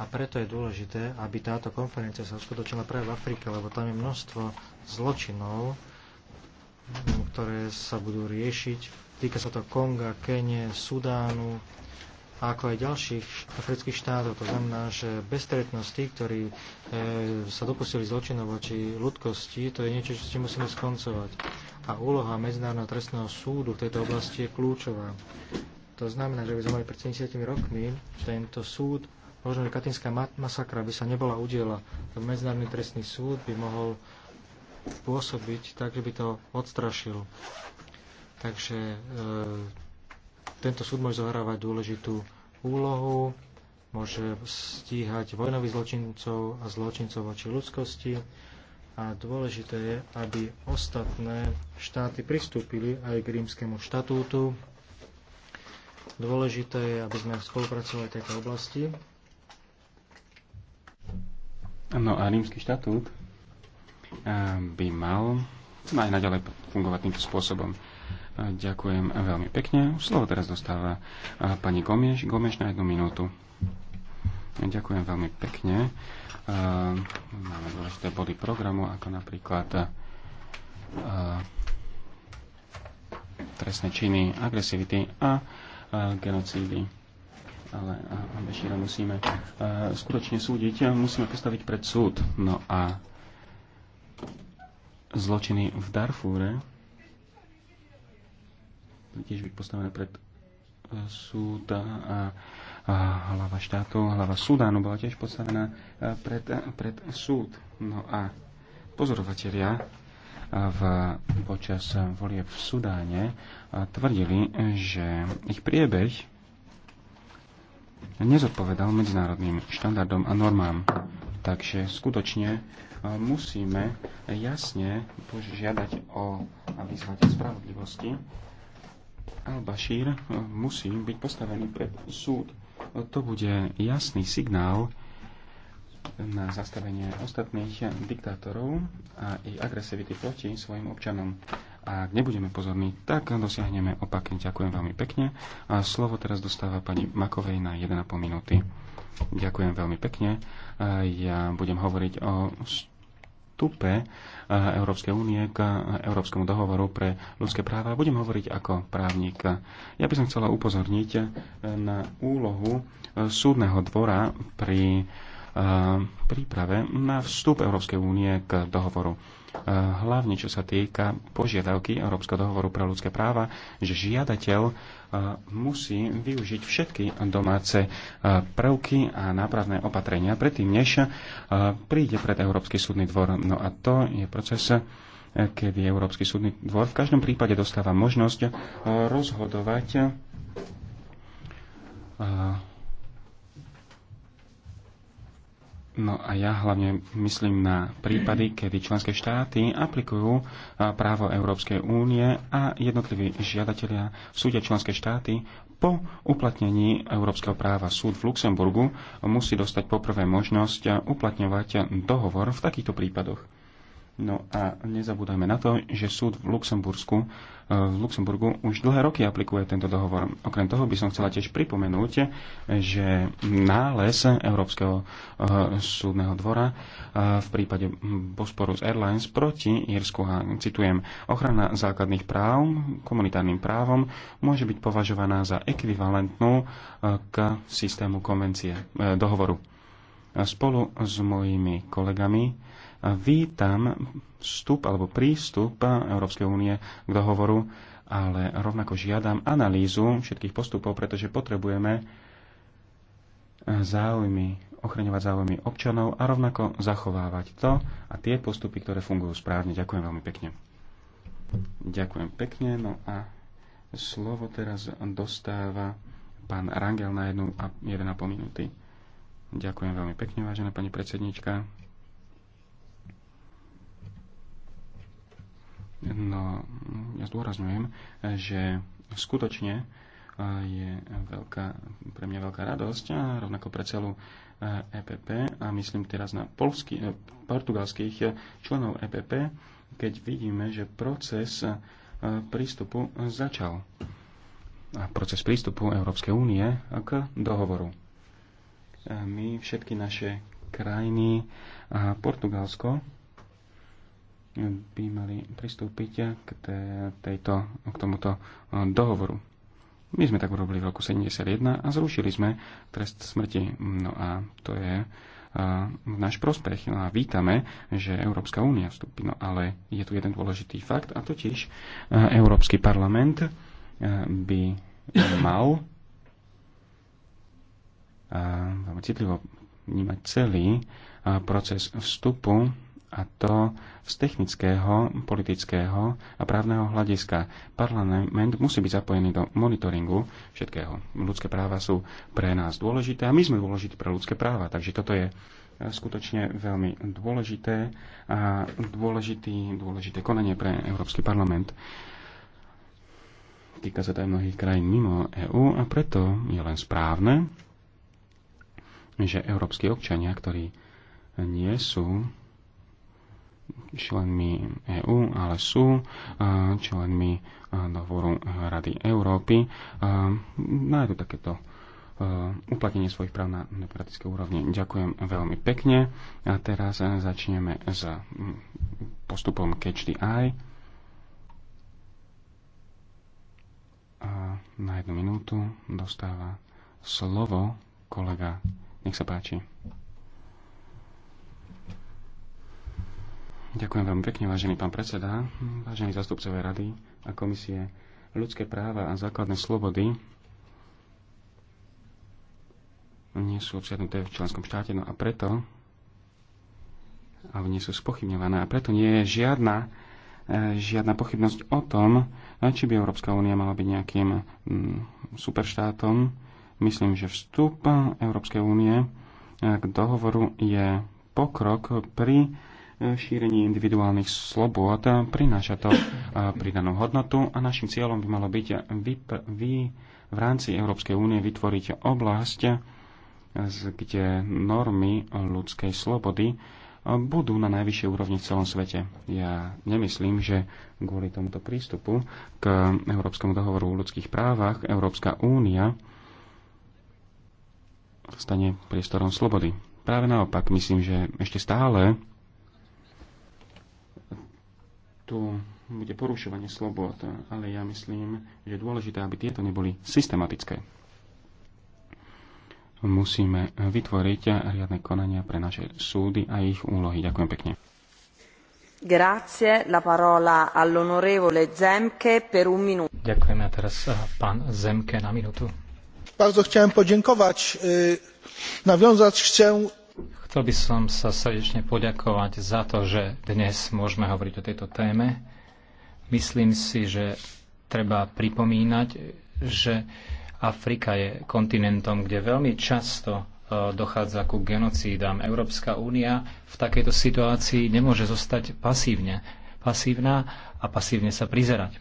a preto je dôležité, aby táto konferencia sa uskutočnila práve v Afrike, lebo tam je množstvo zločinov, ktoré sa budú riešiť. Týka sa to Konga, Kenie, Sudánu, a ako aj ďalších afrických štátov. To znamená, že bezstretnosť tých, ktorí e, sa dopustili zločinov voči ľudkosti, to je niečo, čo si musíme skoncovať. A úloha Medzinárodného trestného súdu v tejto oblasti je kľúčová. To znamená, že by sme mali pred 70 rokmi tento súd, možno, že katinská masakra by sa nebola udiela. to medzinárodný trestný súd by mohol pôsobiť tak, že by to odstrašil. Takže e, tento súd môže zohrávať dôležitú úlohu, môže stíhať vojnových zločincov a zločincov voči ľudskosti a dôležité je, aby ostatné štáty pristúpili aj k rímskému štatútu Dôležité je, aby sme spolupracovali v tejto oblasti. No a rímsky štatút eh, by mal aj naďalej fungovať týmto spôsobom. Eh, ďakujem veľmi pekne. Slovo teraz dostáva eh, pani Gomieš. Gomieš na jednu minútu. Ďakujem veľmi pekne. Máme dôležité body programu, ako napríklad trestné činy agresivity a genocídy. Ale Bešíra musíme skutočne súdiť, musíme postaviť pred súd. No a zločiny v Darfúre tiež byť postavené pred e, súd a, a hlava štátu, hlava Sudánu bola tiež postavená e, pred, pred súd. No a pozorovatelia v, počas volieb v Sudáne tvrdili, že ich priebeh nezodpovedal medzinárodným štandardom a normám. Takže skutočne musíme jasne požiadať o a vyzvať spravodlivosti. Al-Bashir musí byť postavený pred súd. To bude jasný signál na zastavenie ostatných diktátorov a ich agresivity proti svojim občanom. A ak nebudeme pozorní, tak dosiahneme opak. Ďakujem veľmi pekne. A slovo teraz dostáva pani Makovej na 1,5 minúty. Ďakujem veľmi pekne. A ja budem hovoriť o vstupe Európskej únie k Európskemu dohovoru pre ľudské práva. Budem hovoriť ako právnik. Ja by som chcela upozorniť na úlohu súdneho dvora pri Eh, príprave na vstup Európskej únie k dohovoru. Eh, hlavne čo sa týka požiadavky Európskeho dohovoru pre ľudské práva, že žiadateľ eh, musí využiť všetky domáce prvky a nápravné opatrenia predtým, než príde pred Európsky súdny dvor. No a to je proces, kedy Európsky súdny dvor v každom prípade dostáva možnosť rozhodovať No a ja hlavne myslím na prípady, kedy členské štáty aplikujú právo Európskej únie a jednotliví žiadatelia súdia členské štáty po uplatnení európskeho práva súd v Luxemburgu musí dostať poprvé možnosť uplatňovať dohovor v takýchto prípadoch. No a nezabúdajme na to, že súd v Luxembursku v Luxemburgu už dlhé roky aplikuje tento dohovor. Okrem toho by som chcela tiež pripomenúť, že nález Európskeho eh, súdneho dvora eh, v prípade z Airlines proti Irsku, citujem, ochrana základných práv komunitárnym právom môže byť považovaná za ekvivalentnú eh, k systému konvencie, dohovoru. Spolu s mojimi kolegami vítam vstup alebo prístup Európskej únie k dohovoru, ale rovnako žiadam analýzu všetkých postupov, pretože potrebujeme záujmy, ochraňovať záujmy občanov a rovnako zachovávať to a tie postupy, ktoré fungujú správne. Ďakujem veľmi pekne. Ďakujem pekne. No a slovo teraz dostáva pán Rangel na 1,5 minúty. Ďakujem veľmi pekne, vážená pani predsednička. No, ja zdôrazňujem, že skutočne e, je veľká, pre mňa veľká radosť, a rovnako pre celú EPP e a myslím teraz na polsky, e, portugalských členov EPP, keď vidíme, že proces prístupu začal. A proces prístupu Európskej únie k dohovoru. My všetky naše krajiny a Portugalsko by mali pristúpiť k tejto, k tomuto e, dohovoru. My sme tak urobili v roku 71 a zrušili sme trest smrti. No a to je e, v náš prospech. No a vítame, že Európska únia vstúpi. No ale je tu jeden dôležitý fakt a totiž e, Európsky parlament by mal veľmi citlivo vnímať celý proces vstupu a to z technického, politického a právneho hľadiska. Parlament musí byť zapojený do monitoringu všetkého. Ľudské práva sú pre nás dôležité a my sme dôležití pre ľudské práva, takže toto je e, skutočne veľmi dôležité a dôležitý, dôležité konanie pre Európsky parlament. Týka sa to aj mnohých krajín mimo EÚ a preto je len správne, že európsky občania, ktorí nie sú členmi EÚ, ale sú e, členmi e, dohovoru Rady Európy. E, Nájdu no, takéto uplatnenie svojich práv na demokratické úrovni. Ďakujem veľmi pekne. A teraz začneme s postupom Catch the Eye. A na jednu minútu dostáva slovo kolega. Nech sa páči. Ďakujem veľmi pekne, vážený pán predseda, vážení zastupcové rady a komisie. Ľudské práva a základné slobody nie sú obsiadnuté v členskom štáte, no a preto ale nie sú spochybňované. A preto nie je žiadna, e, žiadna pochybnosť o tom, e, či by Európska únia mala byť nejakým mm, superštátom. Myslím, že vstup Európskej únie e, k dohovoru je pokrok pri E, šírenie individuálnych slobôd. E, prináša to e, pridanú hodnotu a našim cieľom by malo byť vyp- vy v rámci Európskej únie vytvoriť oblasť, kde normy ľudskej slobody budú na najvyššej úrovni v celom svete. Ja nemyslím, že kvôli tomuto prístupu k Európskemu dohovoru o ľudských právach Európska únia stane priestorom slobody. Práve naopak, myslím, že ešte stále tu bude porušovanie slobod, ale ja myslím, že je dôležité, aby tieto neboli systematické. Musíme vytvoriť riadne konania pre naše súdy a ich úlohy. Ďakujem pekne. Grazie, la parola all'onorevole Zemke per un minuto. Ďakujem a teraz eh, pán Zemke na minútu. Bardzo chciałem podziękować. Nawiązać chcę Chcel by som sa srdečne poďakovať za to, že dnes môžeme hovoriť o tejto téme. Myslím si, že treba pripomínať, že Afrika je kontinentom, kde veľmi často e, dochádza ku genocídám. Európska únia v takejto situácii nemôže zostať pasívne, pasívna a pasívne sa prizerať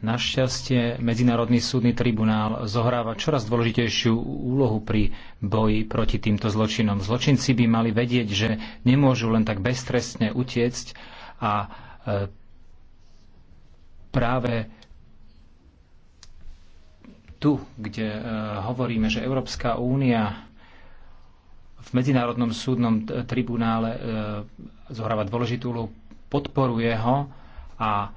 Našťastie Medzinárodný súdny tribunál zohráva čoraz dôležitejšiu úlohu pri boji proti týmto zločinom. Zločinci by mali vedieť, že nemôžu len tak beztrestne utiecť a e, práve tu, kde e, hovoríme, že Európska únia v Medzinárodnom súdnom tribunále e, zohráva dôležitú úlohu, podporuje ho a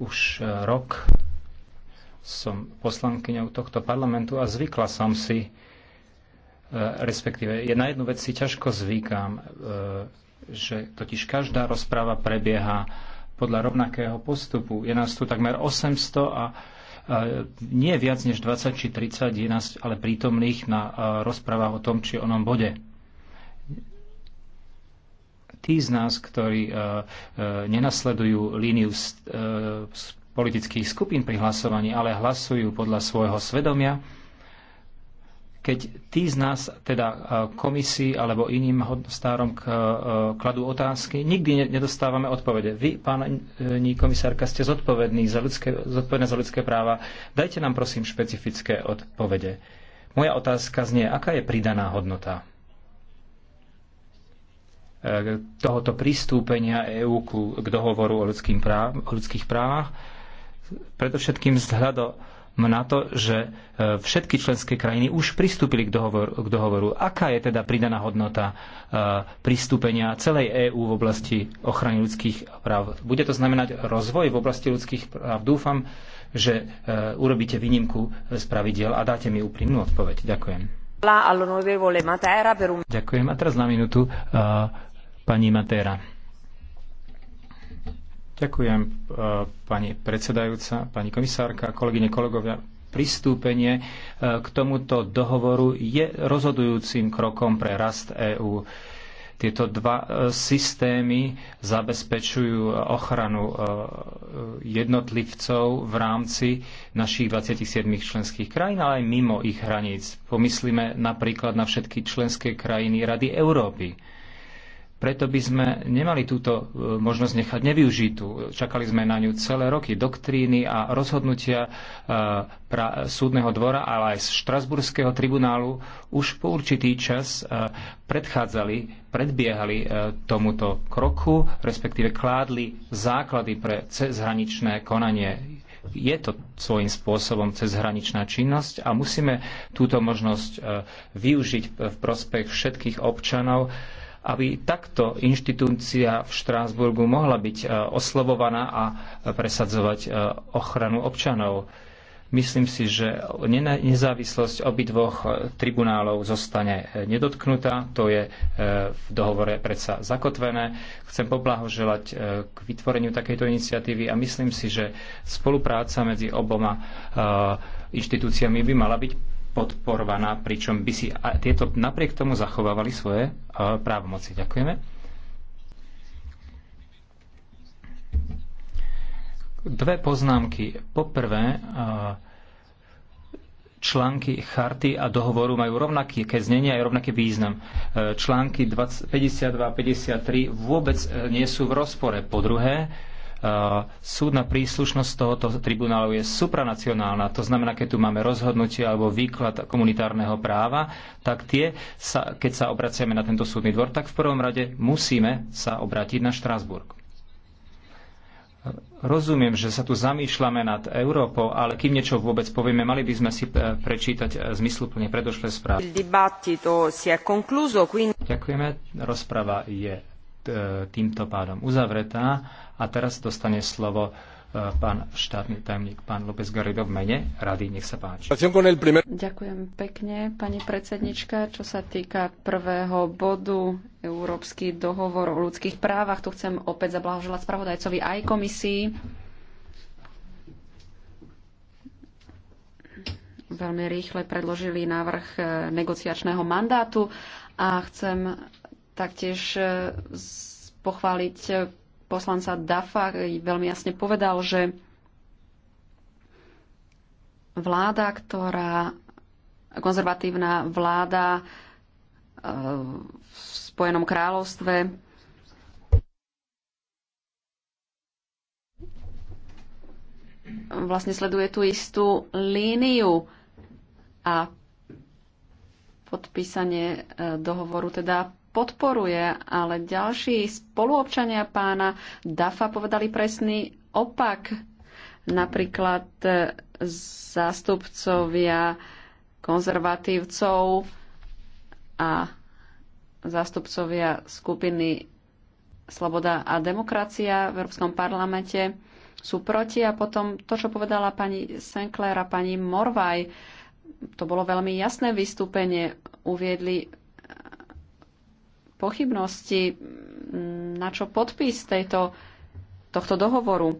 už e, rok som poslankyňou tohto parlamentu a zvykla som si, e, respektíve na jednu vec si ťažko zvykám, e, že totiž každá rozpráva prebieha podľa rovnakého postupu. Je nás tu takmer 800 a nie viac než 20 či 30 je nás ale prítomných na rozprávach o tom či onom bode tí z nás, ktorí e, e, nenasledujú líniu e, politických skupín pri hlasovaní, ale hlasujú podľa svojho svedomia, keď tí z nás, teda komisii alebo iným hodnostárom kladú otázky, nikdy nedostávame odpovede. Vy, pani komisárka, ste zodpovední za ľudské, zodpovedné za ľudské práva. Dajte nám prosím špecifické odpovede. Moja otázka znie, aká je pridaná hodnota tohoto pristúpenia EÚ k dohovoru o, práv, o ľudských právach, predovšetkým vzhľadom na to, že e, všetky členské krajiny už pristúpili k, dohovor, k dohovoru. Aká je teda pridaná hodnota e, pristúpenia celej EÚ v oblasti ochrany ľudských práv? Bude to znamenať rozvoj v oblasti ľudských práv? Dúfam, že e, urobíte výnimku z pravidel a dáte mi úprimnú odpoveď. Ďakujem. Ďakujem a teraz na minútu pani Matéra. Ďakujem, e, pani predsedajúca, pani komisárka, kolegyne, kolegovia. Pristúpenie e, k tomuto dohovoru je rozhodujúcim krokom pre rast EÚ. Tieto dva e, systémy zabezpečujú ochranu jednotlivcov v rámci našich 27 členských krajín, ale aj mimo ich hraníc. Pomyslíme napríklad na všetky členské krajiny Rady Európy preto by sme nemali túto e, možnosť nechať nevyužitú. Čakali sme na ňu celé roky. Doktríny a rozhodnutia e, pra, súdneho dvora, ale aj z štrasburského tribunálu už po určitý čas e, predchádzali, predbiehali tomuto kroku, respektíve kládli základy pre cezhraničné konanie. Je to svojím spôsobom cezhraničná činnosť a musíme túto možnosť využiť v prospech všetkých občanov aby takto inštitúcia v Štrásburgu mohla byť e, oslovovaná a e, presadzovať e, ochranu občanov. Myslím si, že nezávislosť obidvoch tribunálov zostane nedotknutá. To je v dohovore predsa zakotvené. Chcem poblahoželať k vytvoreniu takejto iniciatívy a myslím si, že spolupráca medzi oboma inštitúciami by mala byť podporovaná, pričom by si tieto napriek tomu zachovávali svoje e, právomoci. Ďakujeme. Dve poznámky. Poprvé, e, články charty a dohovoru majú rovnaké znenie a rovnaký význam. E, články 20, 52 a 53 vôbec nie sú v rozpore. Po druhé, Eh, súdna príslušnosť tohoto tribunálu je supranacionálna. To znamená, keď tu máme rozhodnutie alebo výklad komunitárneho práva, tak tie, sa, keď sa obraciame na tento súdny dvor, tak v prvom rade musíme sa obrátiť na Štrásburg. Rozumiem, že sa tu zamýšľame nad Európou, ale kým niečo vôbec povieme, mali by sme si eh, prečítať eh, zmysluplne predošlé správy. Ďakujeme. Rozprava je týmto pádom uzavretá. A teraz dostane slovo e, pán štátny tajomník, pán López Garrido v mene rady. Nech sa páči. Ďakujem pekne, pani predsednička. Čo sa týka prvého bodu, Európsky dohovor o ľudských právach, tu chcem opäť zablahoželať spravodajcovi aj komisii. Veľmi rýchle predložili návrh e, negociačného mandátu a chcem taktiež e, pochváliť e, poslanca Dafa, ktorý veľmi jasne povedal, že vláda, ktorá konzervatívna vláda e, v Spojenom kráľovstve vlastne sleduje tú istú líniu a podpísanie dohovoru teda podporuje, ale ďalší spoluobčania pána Dafa povedali presný opak. Napríklad e, zástupcovia konzervatívcov a zástupcovia skupiny Sloboda a demokracia v Európskom parlamente sú proti a potom to, čo povedala pani Sinclair a pani Morvaj, to bolo veľmi jasné vystúpenie. Uviedli pochybnosti, na čo podpis tejto, tohto dohovoru.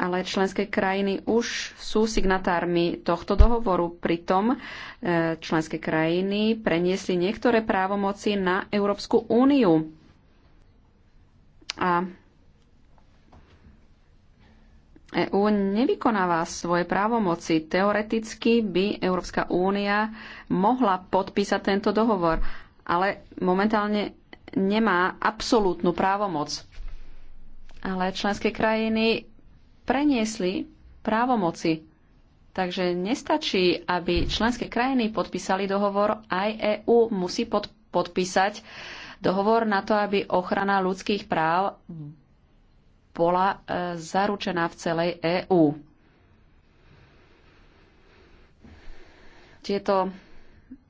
Ale členské krajiny už sú signatármi tohto dohovoru. Pritom e, členské krajiny preniesli niektoré právomoci na Európsku úniu. A EÚ nevykonáva svoje právomoci. Teoreticky by Európska únia mohla podpísať tento dohovor, ale momentálne nemá absolútnu právomoc. Ale členské krajiny preniesli právomoci. Takže nestačí, aby členské krajiny podpísali dohovor, aj EÚ musí pod, podpísať dohovor na to, aby ochrana ľudských práv bola e, zaručená v celej EÚ. Tieto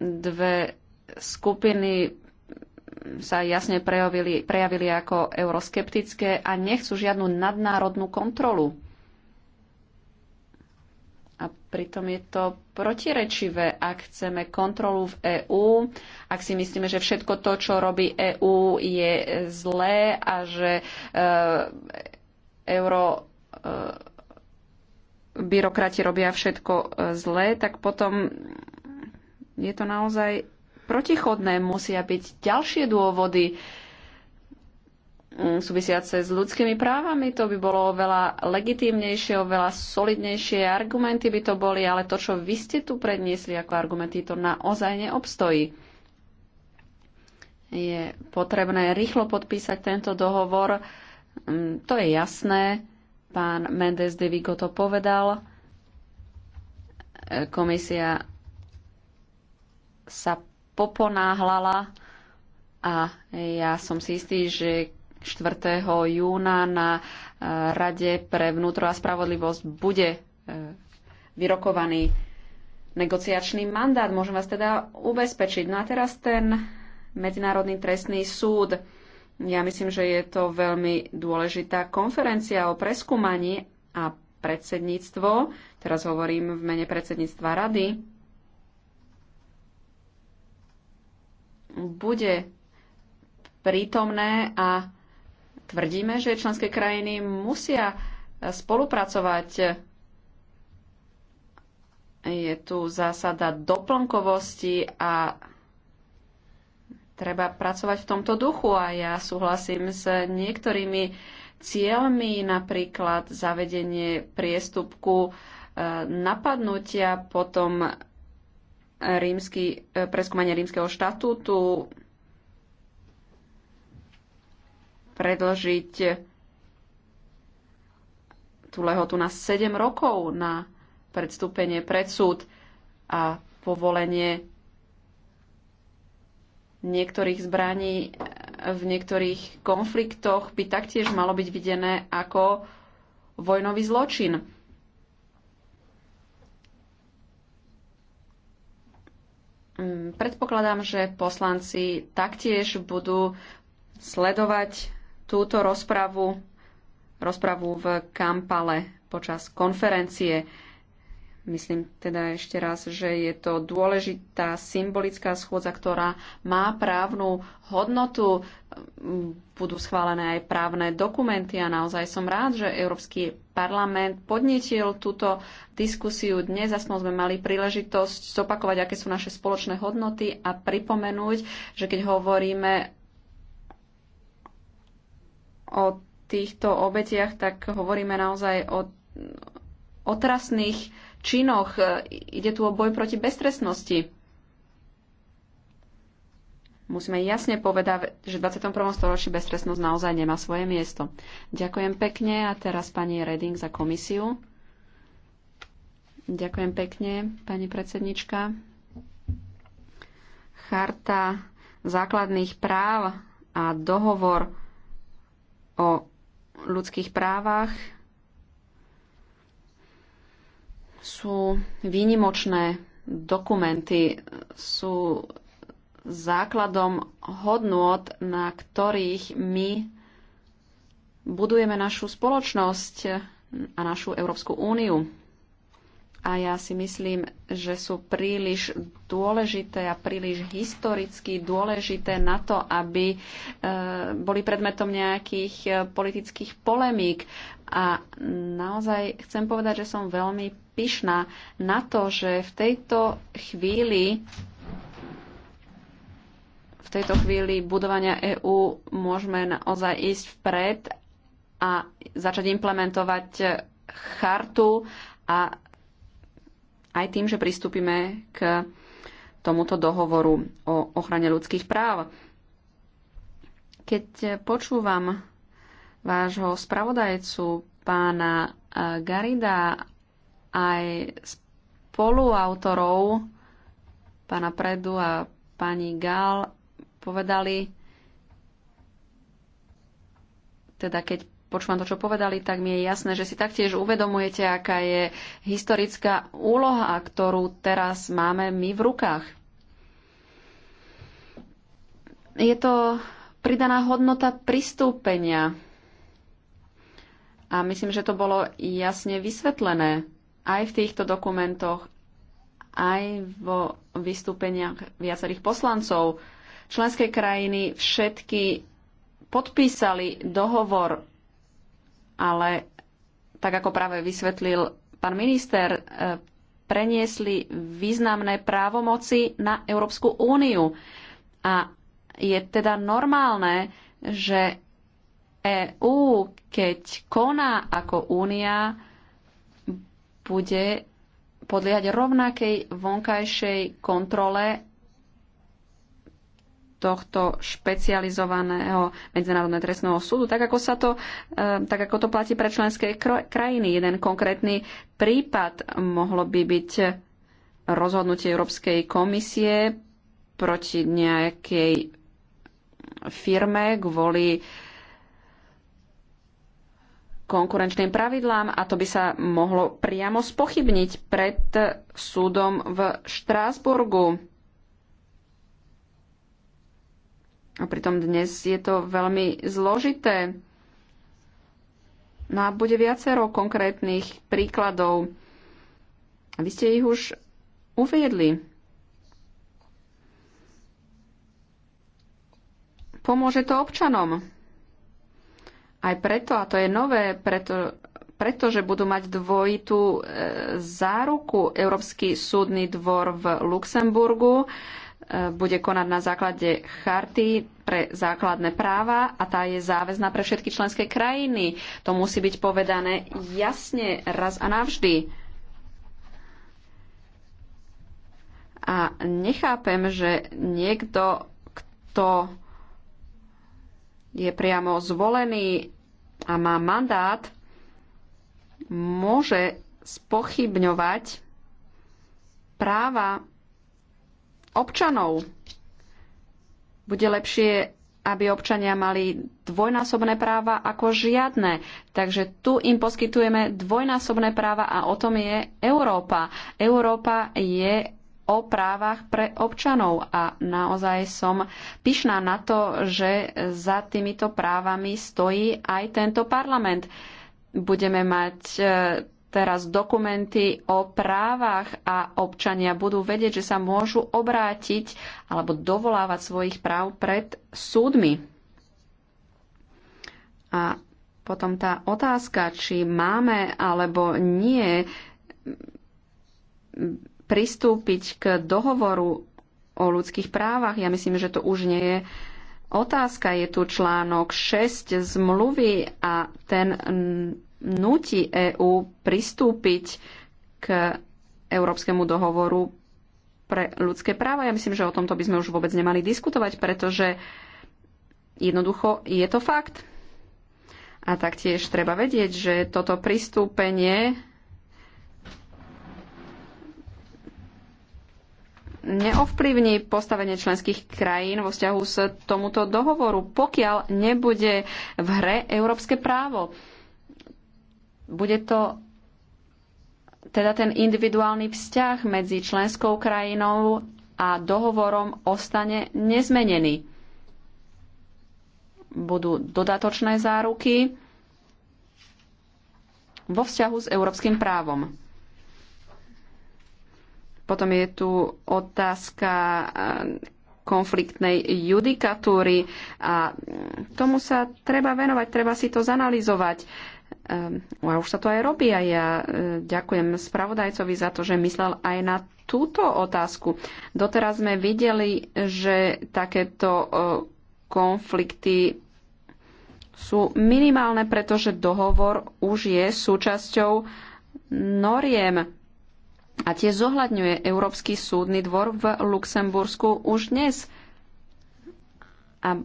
dve skupiny sa jasne prejavili, prejavili ako euroskeptické a nechcú žiadnu nadnárodnú kontrolu. A pritom je to protirečivé, ak chceme kontrolu v EÚ, ak si myslíme, že všetko to, čo robí EÚ, je zlé a že uh, euro Uh, byrokrati robia všetko e, zlé, tak potom je to naozaj protichodné, musia byť ďalšie dôvody mm, súvisiace s ľudskými právami, to by bolo oveľa legitímnejšie, oveľa solidnejšie argumenty by to boli, ale to, čo vy ste tu predniesli ako argumenty, to naozaj neobstojí. Je potrebné rýchlo podpísať tento dohovor. Mm, to je jasné. Pán Mendes de Vigo to povedal. E, komisia sa poponáhlala a ja som si istý, že 4. júna na e, Rade pre vnútro a spravodlivosť bude e, vyrokovaný negociačný mandát. Môžem vás teda ubezpečiť. No a teraz ten Medzinárodný trestný súd. Ja myslím, že je to veľmi dôležitá konferencia o preskúmaní a predsedníctvo, teraz hovorím v mene predsedníctva rady, bude prítomné a tvrdíme, že členské krajiny musia spolupracovať. Je tu zásada doplnkovosti a treba pracovať v tomto duchu a ja súhlasím s niektorými cieľmi, napríklad zavedenie priestupku eh, napadnutia, potom rímsky, e, preskúmanie rímskeho štatútu, predlžiť tú lehotu na 7 rokov na predstúpenie pred súd a povolenie niektorých zbraní v niektorých konfliktoch by taktiež malo byť videné ako vojnový zločin. Mm, predpokladám, že poslanci taktiež budú sledovať túto rozpravu, rozpravu v Kampale počas konferencie. Myslím teda ešte raz, že je to dôležitá symbolická schôdza, ktorá má právnu hodnotu budú schválené aj právne dokumenty a naozaj som rád, že Európsky parlament podnetil túto diskusiu dnes. a sme mali príležitosť zopakovať, aké sú naše spoločné hodnoty a pripomenúť, že keď hovoríme o týchto obetiach, tak hovoríme naozaj o otrasných činoch. Ide tu o boj proti beztrestnosti. Musíme jasne povedať, že v 21. storočí beztrestnosť naozaj nemá svoje miesto. Ďakujem pekne a teraz pani Reding za komisiu. Ďakujem pekne, pani predsednička. Charta základných práv a dohovor o ľudských právach sú výnimočné dokumenty, sú základom hodnôt, na ktorých my budujeme našu spoločnosť a našu Európsku úniu. A ja si myslím, že sú príliš dôležité a príliš historicky dôležité na to, aby e, boli predmetom nejakých e, politických polemík. A naozaj chcem povedať, že som veľmi pyšná na to, že v tejto chvíli v tejto chvíli budovania EÚ môžeme naozaj ísť vpred a začať implementovať chartu a aj tým, že pristúpime k tomuto dohovoru o ochrane ľudských práv. Keď počúvam vášho spravodajcu, pána eh, Garida, aj spoluautorov, pána Predu a pani Gal, povedali, teda keď počúvam to, čo povedali, tak mi je jasné, že si taktiež uvedomujete, aká je historická úloha, ktorú teraz máme my v rukách. Je to pridaná hodnota pristúpenia. A myslím, že to bolo jasne vysvetlené aj v týchto dokumentoch, aj vo vystúpeniach viacerých poslancov. Členské krajiny všetky podpísali dohovor, ale tak ako práve vysvetlil pán minister, e, preniesli významné právomoci na Európsku úniu. A je teda normálne, že EÚ, keď koná ako únia, bude podliať rovnakej vonkajšej kontrole tohto špecializovaného medzinárodného trestného súdu, tak ako, sa to, e, tak ako to platí pre členské krajiny. Jeden konkrétny prípad mohlo by byť rozhodnutie Európskej komisie proti nejakej firme kvôli konkurenčným pravidlám a to by sa mohlo priamo spochybniť pred súdom v Štrásburgu A pritom dnes je to veľmi zložité. No a bude viacero konkrétnych príkladov. A vy ste ich už uviedli. Pomôže to občanom. Aj preto, a to je nové, preto, pretože budú mať dvojitú e, záruku Európsky súdny dvor v Luxemburgu bude konať na základe charty pre základné práva a tá je záväzná pre všetky členské krajiny. To musí byť povedané jasne raz a navždy. A nechápem, že niekto, kto je priamo zvolený a má mandát, môže spochybňovať práva občanov. Bude lepšie, aby občania mali dvojnásobné práva ako žiadne. Takže tu im poskytujeme dvojnásobné práva a o tom je Európa. Európa je o právach pre občanov a naozaj som pyšná na to, že za týmito právami stojí aj tento parlament. Budeme mať e, teraz dokumenty o právach a občania budú vedieť, že sa môžu obrátiť alebo dovolávať svojich práv pred súdmi. A potom tá otázka, či máme alebo nie pristúpiť k dohovoru o ľudských právach, ja myslím, že to už nie je otázka. Je tu článok 6 zmluvy a ten núti EÚ pristúpiť k Európskemu dohovoru pre ľudské práva. Ja myslím, že o tomto by sme už vôbec nemali diskutovať, pretože jednoducho je to fakt. A taktiež treba vedieť, že toto pristúpenie neovplyvní postavenie členských krajín vo vzťahu s tomuto dohovoru, pokiaľ nebude v hre európske právo. Bude to teda ten individuálny vzťah medzi členskou krajinou a dohovorom ostane nezmenený. Budú dodatočné záruky vo vzťahu s európskym právom. Potom je tu otázka eh, konfliktnej judikatúry a mm, tomu sa treba venovať, treba si to zanalizovať Ehm, a už sa to aj robí a ja e, ďakujem spravodajcovi za to, že myslel aj na túto otázku. Doteraz sme videli, že takéto e, konflikty sú minimálne, pretože dohovor už je súčasťou noriem. A tie zohľadňuje Európsky súdny dvor v Luxembursku už dnes. A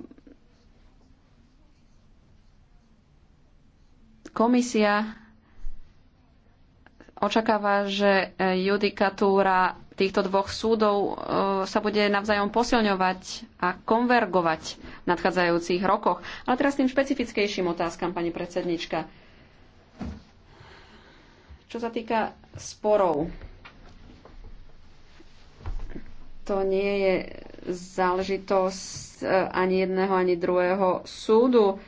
Komisia očakáva, že e, judikatúra týchto dvoch súdov e, sa bude navzájom posilňovať a konvergovať v nadchádzajúcich rokoch. Ale teraz tým špecifickejším otázkam, pani predsednička. Čo sa týka sporov, to nie je záležitosť e, ani jedného, ani druhého súdu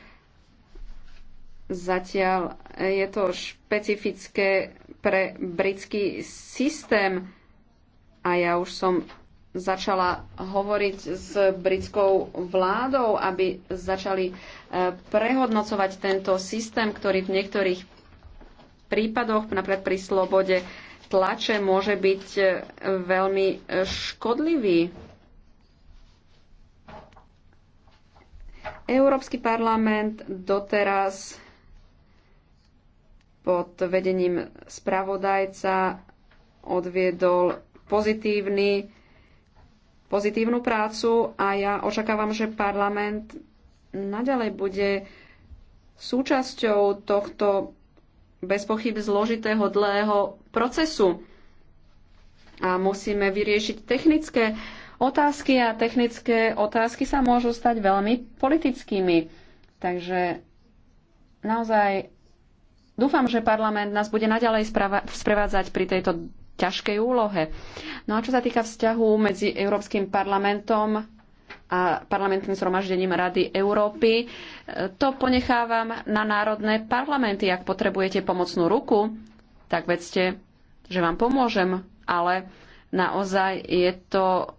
Zatiaľ e, je to špecifické pre britský systém a ja už som začala hovoriť s britskou vládou, aby začali e, prehodnocovať tento systém, ktorý v niektorých prípadoch, napríklad pri slobode tlače, môže byť e, veľmi škodlivý. Európsky parlament doteraz pod vedením spravodajca odviedol pozitívny, pozitívnu prácu a ja očakávam, že parlament naďalej bude súčasťou tohto bez pochyb zložitého dlhého procesu. A musíme vyriešiť technické otázky a technické otázky sa môžu stať veľmi politickými. Takže naozaj Dúfam, že parlament nás bude naďalej sprevádzať pri tejto ťažkej úlohe. No a čo sa týka vzťahu medzi Európskym parlamentom a parlamentným zhromaždením Rady Európy, e, to ponechávam na národné parlamenty. Ak potrebujete pomocnú ruku, tak vedzte, že vám pomôžem, ale naozaj je to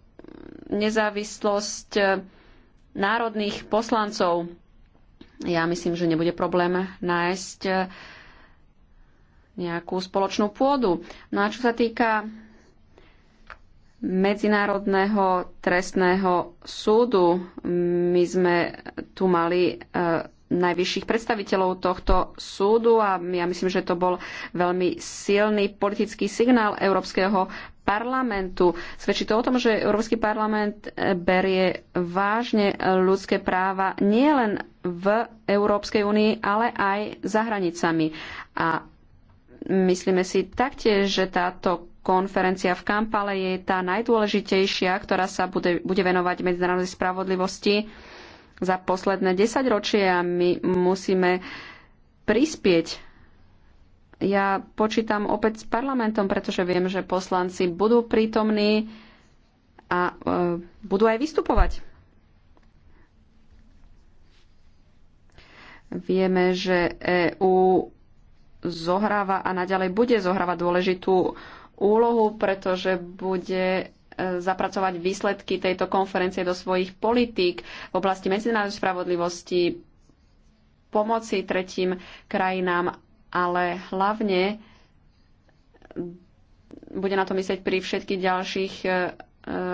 nezávislosť e, národných poslancov. Ja myslím, že nebude problém nájsť e, nejakú spoločnú pôdu. No a čo sa týka Medzinárodného trestného súdu, my sme tu mali e, najvyšších predstaviteľov tohto súdu a ja myslím, že to bol veľmi silný politický signál Európskeho parlamentu. Svedčí to o tom, že Európsky parlament e, berie vážne ľudské práva nielen v Európskej únii, ale aj za hranicami. A myslíme si taktiež, že táto konferencia v Kampale je tá najdôležitejšia, ktorá sa bude, bude venovať medzinárodnej spravodlivosti za posledné ročie a my musíme prispieť. Ja počítam opäť s parlamentom, pretože viem, že poslanci budú prítomní a e, budú aj vystupovať. Vieme, že EU zohráva a naďalej bude zohrávať dôležitú úlohu, pretože bude e, zapracovať výsledky tejto konferencie do svojich politík v oblasti medzinárodnej spravodlivosti, pomoci tretím krajinám, ale hlavne bude na to myslieť pri všetkých ďalších e, e,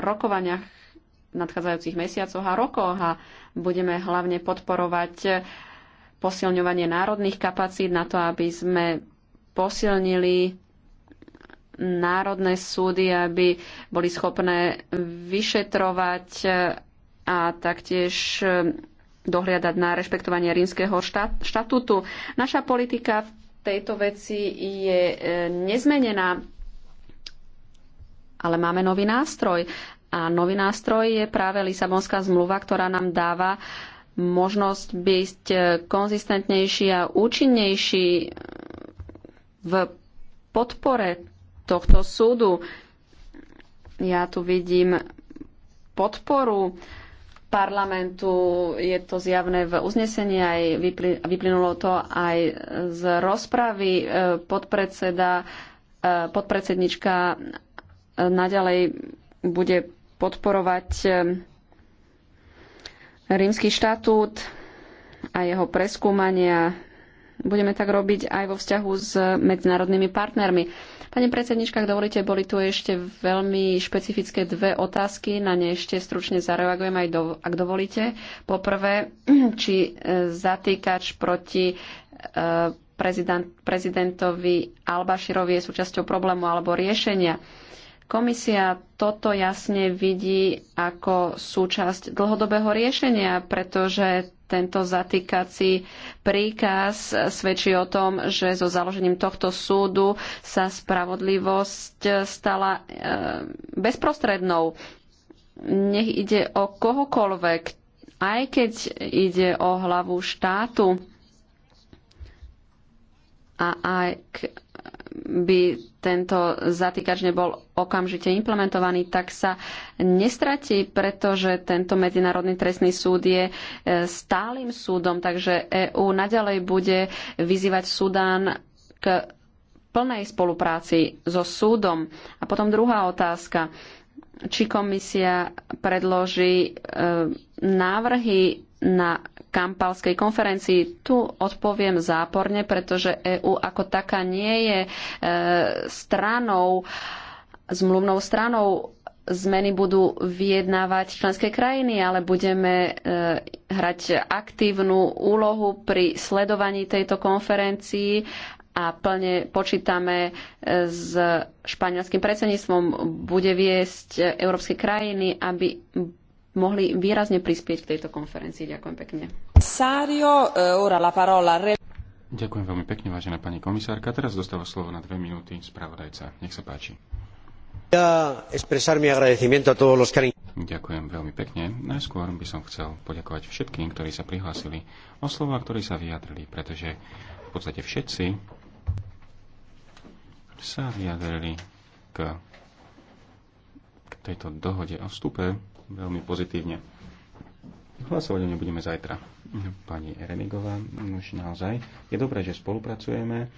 rokovaniach nadchádzajúcich mesiacoch a rokoch a budeme hlavne podporovať posilňovanie národných kapacít na to, aby sme posilnili národné súdy, aby boli schopné vyšetrovať a taktiež eh, dohliadať na rešpektovanie rímskeho štát, štatútu. Naša politika v tejto veci je eh, nezmenená, ale máme nový nástroj. A nový nástroj je práve Lisabonská zmluva, ktorá nám dáva uh, možnosť byť eh, konzistentnejší a účinnejší eh, v podpore tohto súdu. Ja tu vidím podporu parlamentu, je to zjavné v uznesení, aj vyplynulo to aj z rozpravy. Eh, podpredseda, podpredsednička naďalej bude podporovať rímsky štatút a jeho preskúmania. Budeme tak robiť aj vo vzťahu s medzinárodnými partnermi. Pani predsednička, ak dovolíte, boli tu ešte veľmi špecifické dve otázky. Na ne ešte stručne zareagujem, aj do, ak dovolíte. Poprvé, [CLEARS THROAT] či e, zatýkač proti e, prezident, prezidentovi Albaširovi je súčasťou problému alebo riešenia. Komisia toto jasne vidí ako súčasť dlhodobého riešenia, pretože tento zatýkací príkaz svedčí o tom, že so založením tohto súdu sa spravodlivosť stala e, bezprostrednou. Nech ide o kohokoľvek, aj keď ide o hlavu štátu a aj k by tento zatýkač nebol okamžite implementovaný, tak sa nestratí, pretože tento Medzinárodný trestný súd je e, stálym súdom, takže EÚ naďalej bude vyzývať Sudán k plnej spolupráci so súdom. A potom druhá otázka či komisia predloží e, návrhy na kampalskej konferencii. Tu odpoviem záporne, pretože EÚ ako taká nie je e, stranou, zmluvnou stranou zmeny budú vyjednávať členské krajiny, ale budeme e, hrať aktívnu úlohu pri sledovaní tejto konferencii a plne počítame e, s španielským predsedníctvom, bude viesť európske krajiny, aby mohli výrazne prispieť k tejto konferencii. Ďakujem pekne. Eh, Ďakujem veľmi pekne, vážená pani komisárka. Teraz dostáva slovo na dve minúty spravodajca. Nech sa páči. Ďakujem veľmi pekne. Najskôr by som chcel poďakovať všetkým, ktorí sa prihlásili o slova, ktorí sa vyjadrili, pretože v podstate všetci sa vyjadrili k, k tejto dohode o vstupe veľmi pozitívne. Hlasovať o nebudeme zajtra. Pani Eremigová, už naozaj je dobré, že spolupracujeme, e,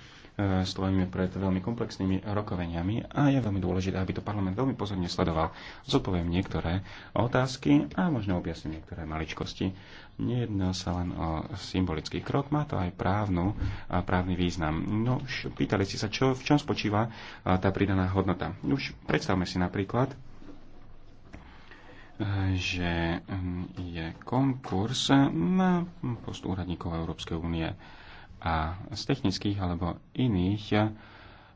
stojíme pred veľmi komplexnými rokoveniami a je veľmi dôležité, aby to parlament veľmi pozorne sledoval. Zodpoviem niektoré otázky a možno objasním niektoré maličkosti. Nejedná sa len o symbolický krok, má to aj právnu, právny význam. No už pýtali ste sa, čo, v čom spočíva tá pridaná hodnota. Už predstavme si napríklad, že je konkurs na post úradníkov Európskej únie a z technických alebo iných eh,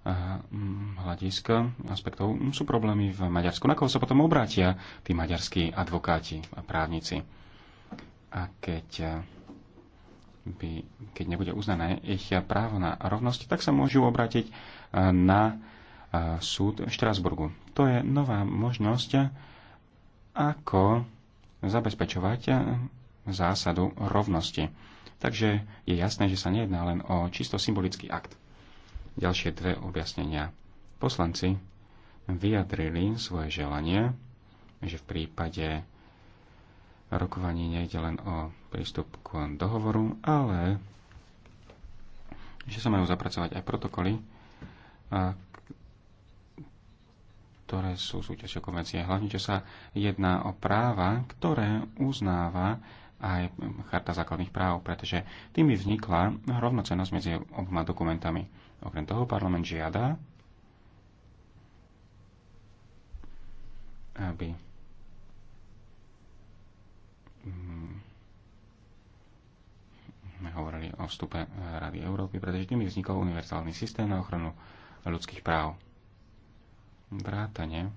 mm, hľadisk aspektov sú problémy v Maďarsku. Na koho sa potom obrátia tí maďarskí advokáti a právnici? A keď, eh, by, keď nebude uznané ich právo na rovnosť, tak sa môžu obrátiť eh, na súd v Štrasburgu. To je nová možnosť ako zabezpečovať zásadu rovnosti. Takže je jasné, že sa nejedná len o čisto symbolický akt. Ďalšie dve objasnenia. Poslanci vyjadrili svoje želanie, že v prípade rokovaní nejde len o prístup k dohovoru, ale že sa majú zapracovať aj protokoly, ktoré sú súťažia konvencie. Hlavne, že sa jedná o práva, ktoré uznáva aj Charta základných práv, pretože tým by vznikla rovnocenosť medzi oboma dokumentami. Okrem toho parlament žiada, aby mm, sme hovorili o vstupe Rady Európy, pretože tým by vznikol univerzálny systém na ochranu ľudských práv vrátane